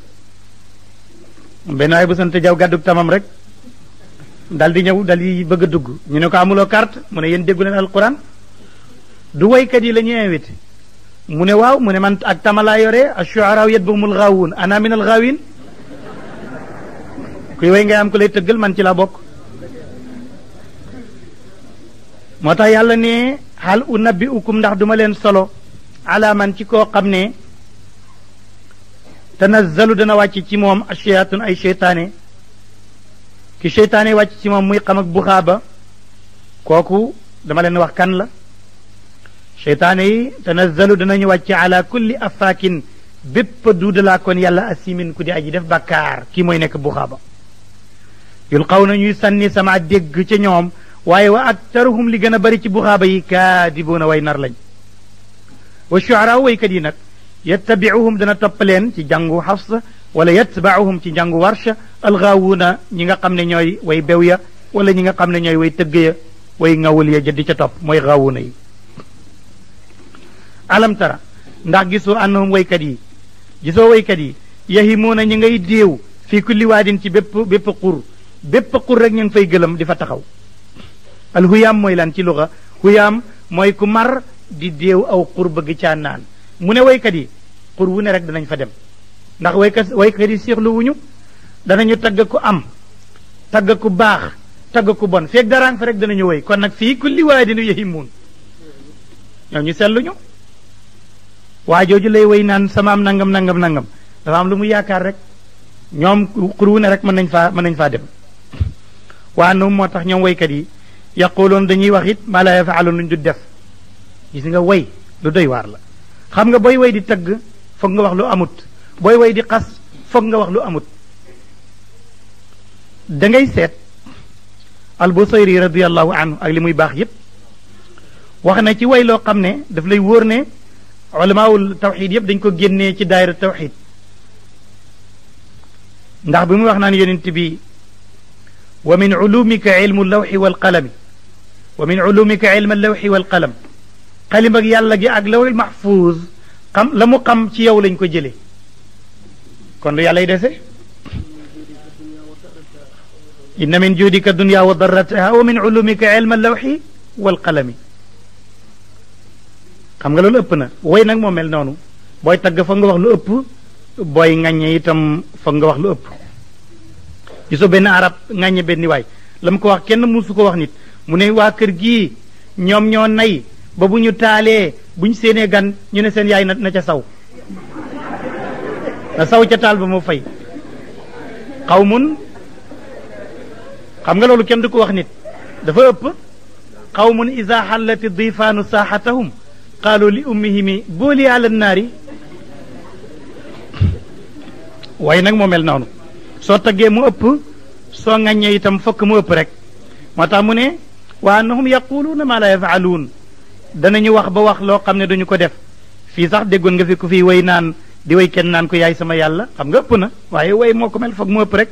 benn waay bu sant jaw gàddug tamam rek dal di ñëw dal di bëgg a dugg ñu ne ko amuloo carte mu ne yéen déggu leen alquran du waykat yi la ñuy invité mu ne waaw mu ne man ak tama laa yore yet ana min al gaawin kuy way ngay am ku lay tëggal man ci laa bokk moo tax yàlla ne xal u nabbi ukum ndax duma leen solo ala man ci koo xam ne tanazzalu dana wàcc ci moom ashayaatun ay seytaane ki seytaane wàcc ci moom muy xam ak buxaaba kooku dama leen wax kan la seytaane yi tanazzalu danañu wàcc ala kulli afaakin bépp duudalaa kon yàlla asimin ku di aji def bakaar kii mooy nekk buxaaba yulqaw na ñuy sànni sama dégg ca ñoom waaye wa aktaruhum li gën a bari ci buxaaba yi kaadibuuna way nar lañ wa shuaraa waykat yi nag yattabiuhum dana topp leen ci jàngu xafs wala yatbauhum ci njàngu warsha alxaawuuna ñi nga xam ne ñooy way bew ya wala ñi nga xam ne ñooy way tëgg ya way ngawul ya jëddi ca topp mooy xaawuuna yi alam tara ndax gisoo annahum waykat yi gisoo waykat yi yahimuuna ñi ngay déew fii kulli waadin ci bépp bépp bépp xur rek ñu ngi fay gëlëm di fa taxaw huyam mooy lan ci luxa huyam mooy ku mar di déew aw qur bëgg caa naan mu ne kat yi qur wu ne rek danañ fa dem ndax way kat yi wuñu danañu tagg ku am tagg ku baax tagg ku bon fek daraan fa rek danañu way kon nak fi kulli waadin yahimun ñoo ñu selluñu waa lay way naan am nangam nangam nangam dafa am lu mu yaakaar rek ñoom xur wu ne rek mën nañ faa mën nañ faa dem wa annahum moo tax ñoom waykat yi yaquluun dañuy wax it ma la yafaaluun luñ du def gis nga way lu doy waar la xam nga booy way di tëgg foog nga wax lu amut booy way di xas foog nga wax lu amut da ngay seet albusayri radiallahu anhu ak li muy baax yépp wax na ci way loo xam ne daf lay wóor ne ulamaawul tawxid yépp dañ ko génnee ci daayira tawxid ndax bi muy wax naan yonent bi wa min ulumika ilmu lawxi walqalami wa min ulumika ilma lawxi walqalam xalim ak yàlla gi ak lawxi mahfuuz xam la mu xam ci yow lañ ko jëlee kon lu yàlla y dese inna min juudika dunya wa darrataha wa min ulumika ilma lawxi walqalami xam nga loolu ëpp na way nag moo mel noonu booy tagg foog nga wax lu ëpp booy ŋaññe itam foog nga wax lu ëpp gisoo benn arab ŋàññe benn waay la ko wax kenn musu ko wax nit mu ne waa kër gi ñoom ñoo nay ba bu ñu taalee bu ñu seenee gan ñu ne seen yaay na na ca saw na saw ca taal ba mu fay xaw mun xam nga loolu kenn du ko wax nit dafa ëpp xaw mun isa xallati difaanu saaxatahum qaalu li ummihimi booli naar naari waaye nag moo mel noonu soo taggee mu ëpp soo ŋaññee itam fokk mu ëpp rek moo tax mu ne waa na wa annahum na maa laa dana danañu wax ba wax loo xam ne duñu ko def fii sax déggoon nga fi ku fi way naan di way kenn naan ko yaay sama yàlla xam nga ëpp na waaye way moo ko mel foog mu ëpp rek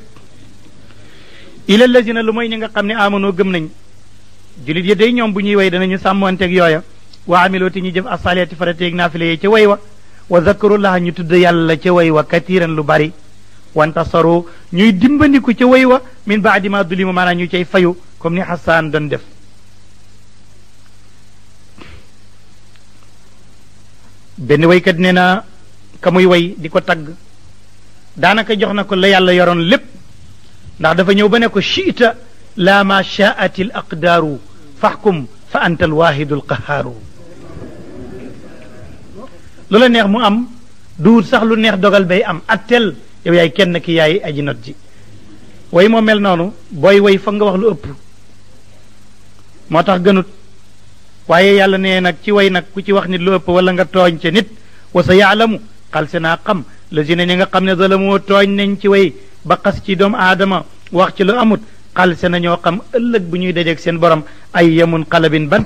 ila lazina lu mooy ñi nga xam ne noo gëm nañ julit yi day ñoom bu ñuy way danañu sàmmoonteeg yooya wa amilooti ñu jëf asaliati farateeg naa yi ca way wa wa zakarullaha ñu tudd yàlla ca way wa katiran lu bari wantasaru ñuy dimbandiku ca way wa min baadi ma dulimu mana ñu cay fayu comme ni Hassan doon def benn waykat nee na kamuy muy way di ko tagg daanaka jox na ko la yàlla yoroon lépp ndax dafa ñëw ba ne ko shiita la ma shaati l aqdaaru faxkum fa anta alwaahidu alqahaaru lu neex mu am du sax lu neex dogal bay am attel yow yaay kenn ki yaay aji not ji way moo mel noonu booy way fa nga wax lu ëpp moo tax gënut waaye yàlla nee nag ci way nag ku ci wax nit lu ëpp wala nga tooñ ca nit wasa sa yaalamu xal naa xam lazina ñi nga xam ne zalamoo tooñ nañ ci way ba xas ci doomu aadama wax ci lu amut xal si nañoo xam ëllëg bu ñuy dajeeg seen borom ay yemun xalabin ban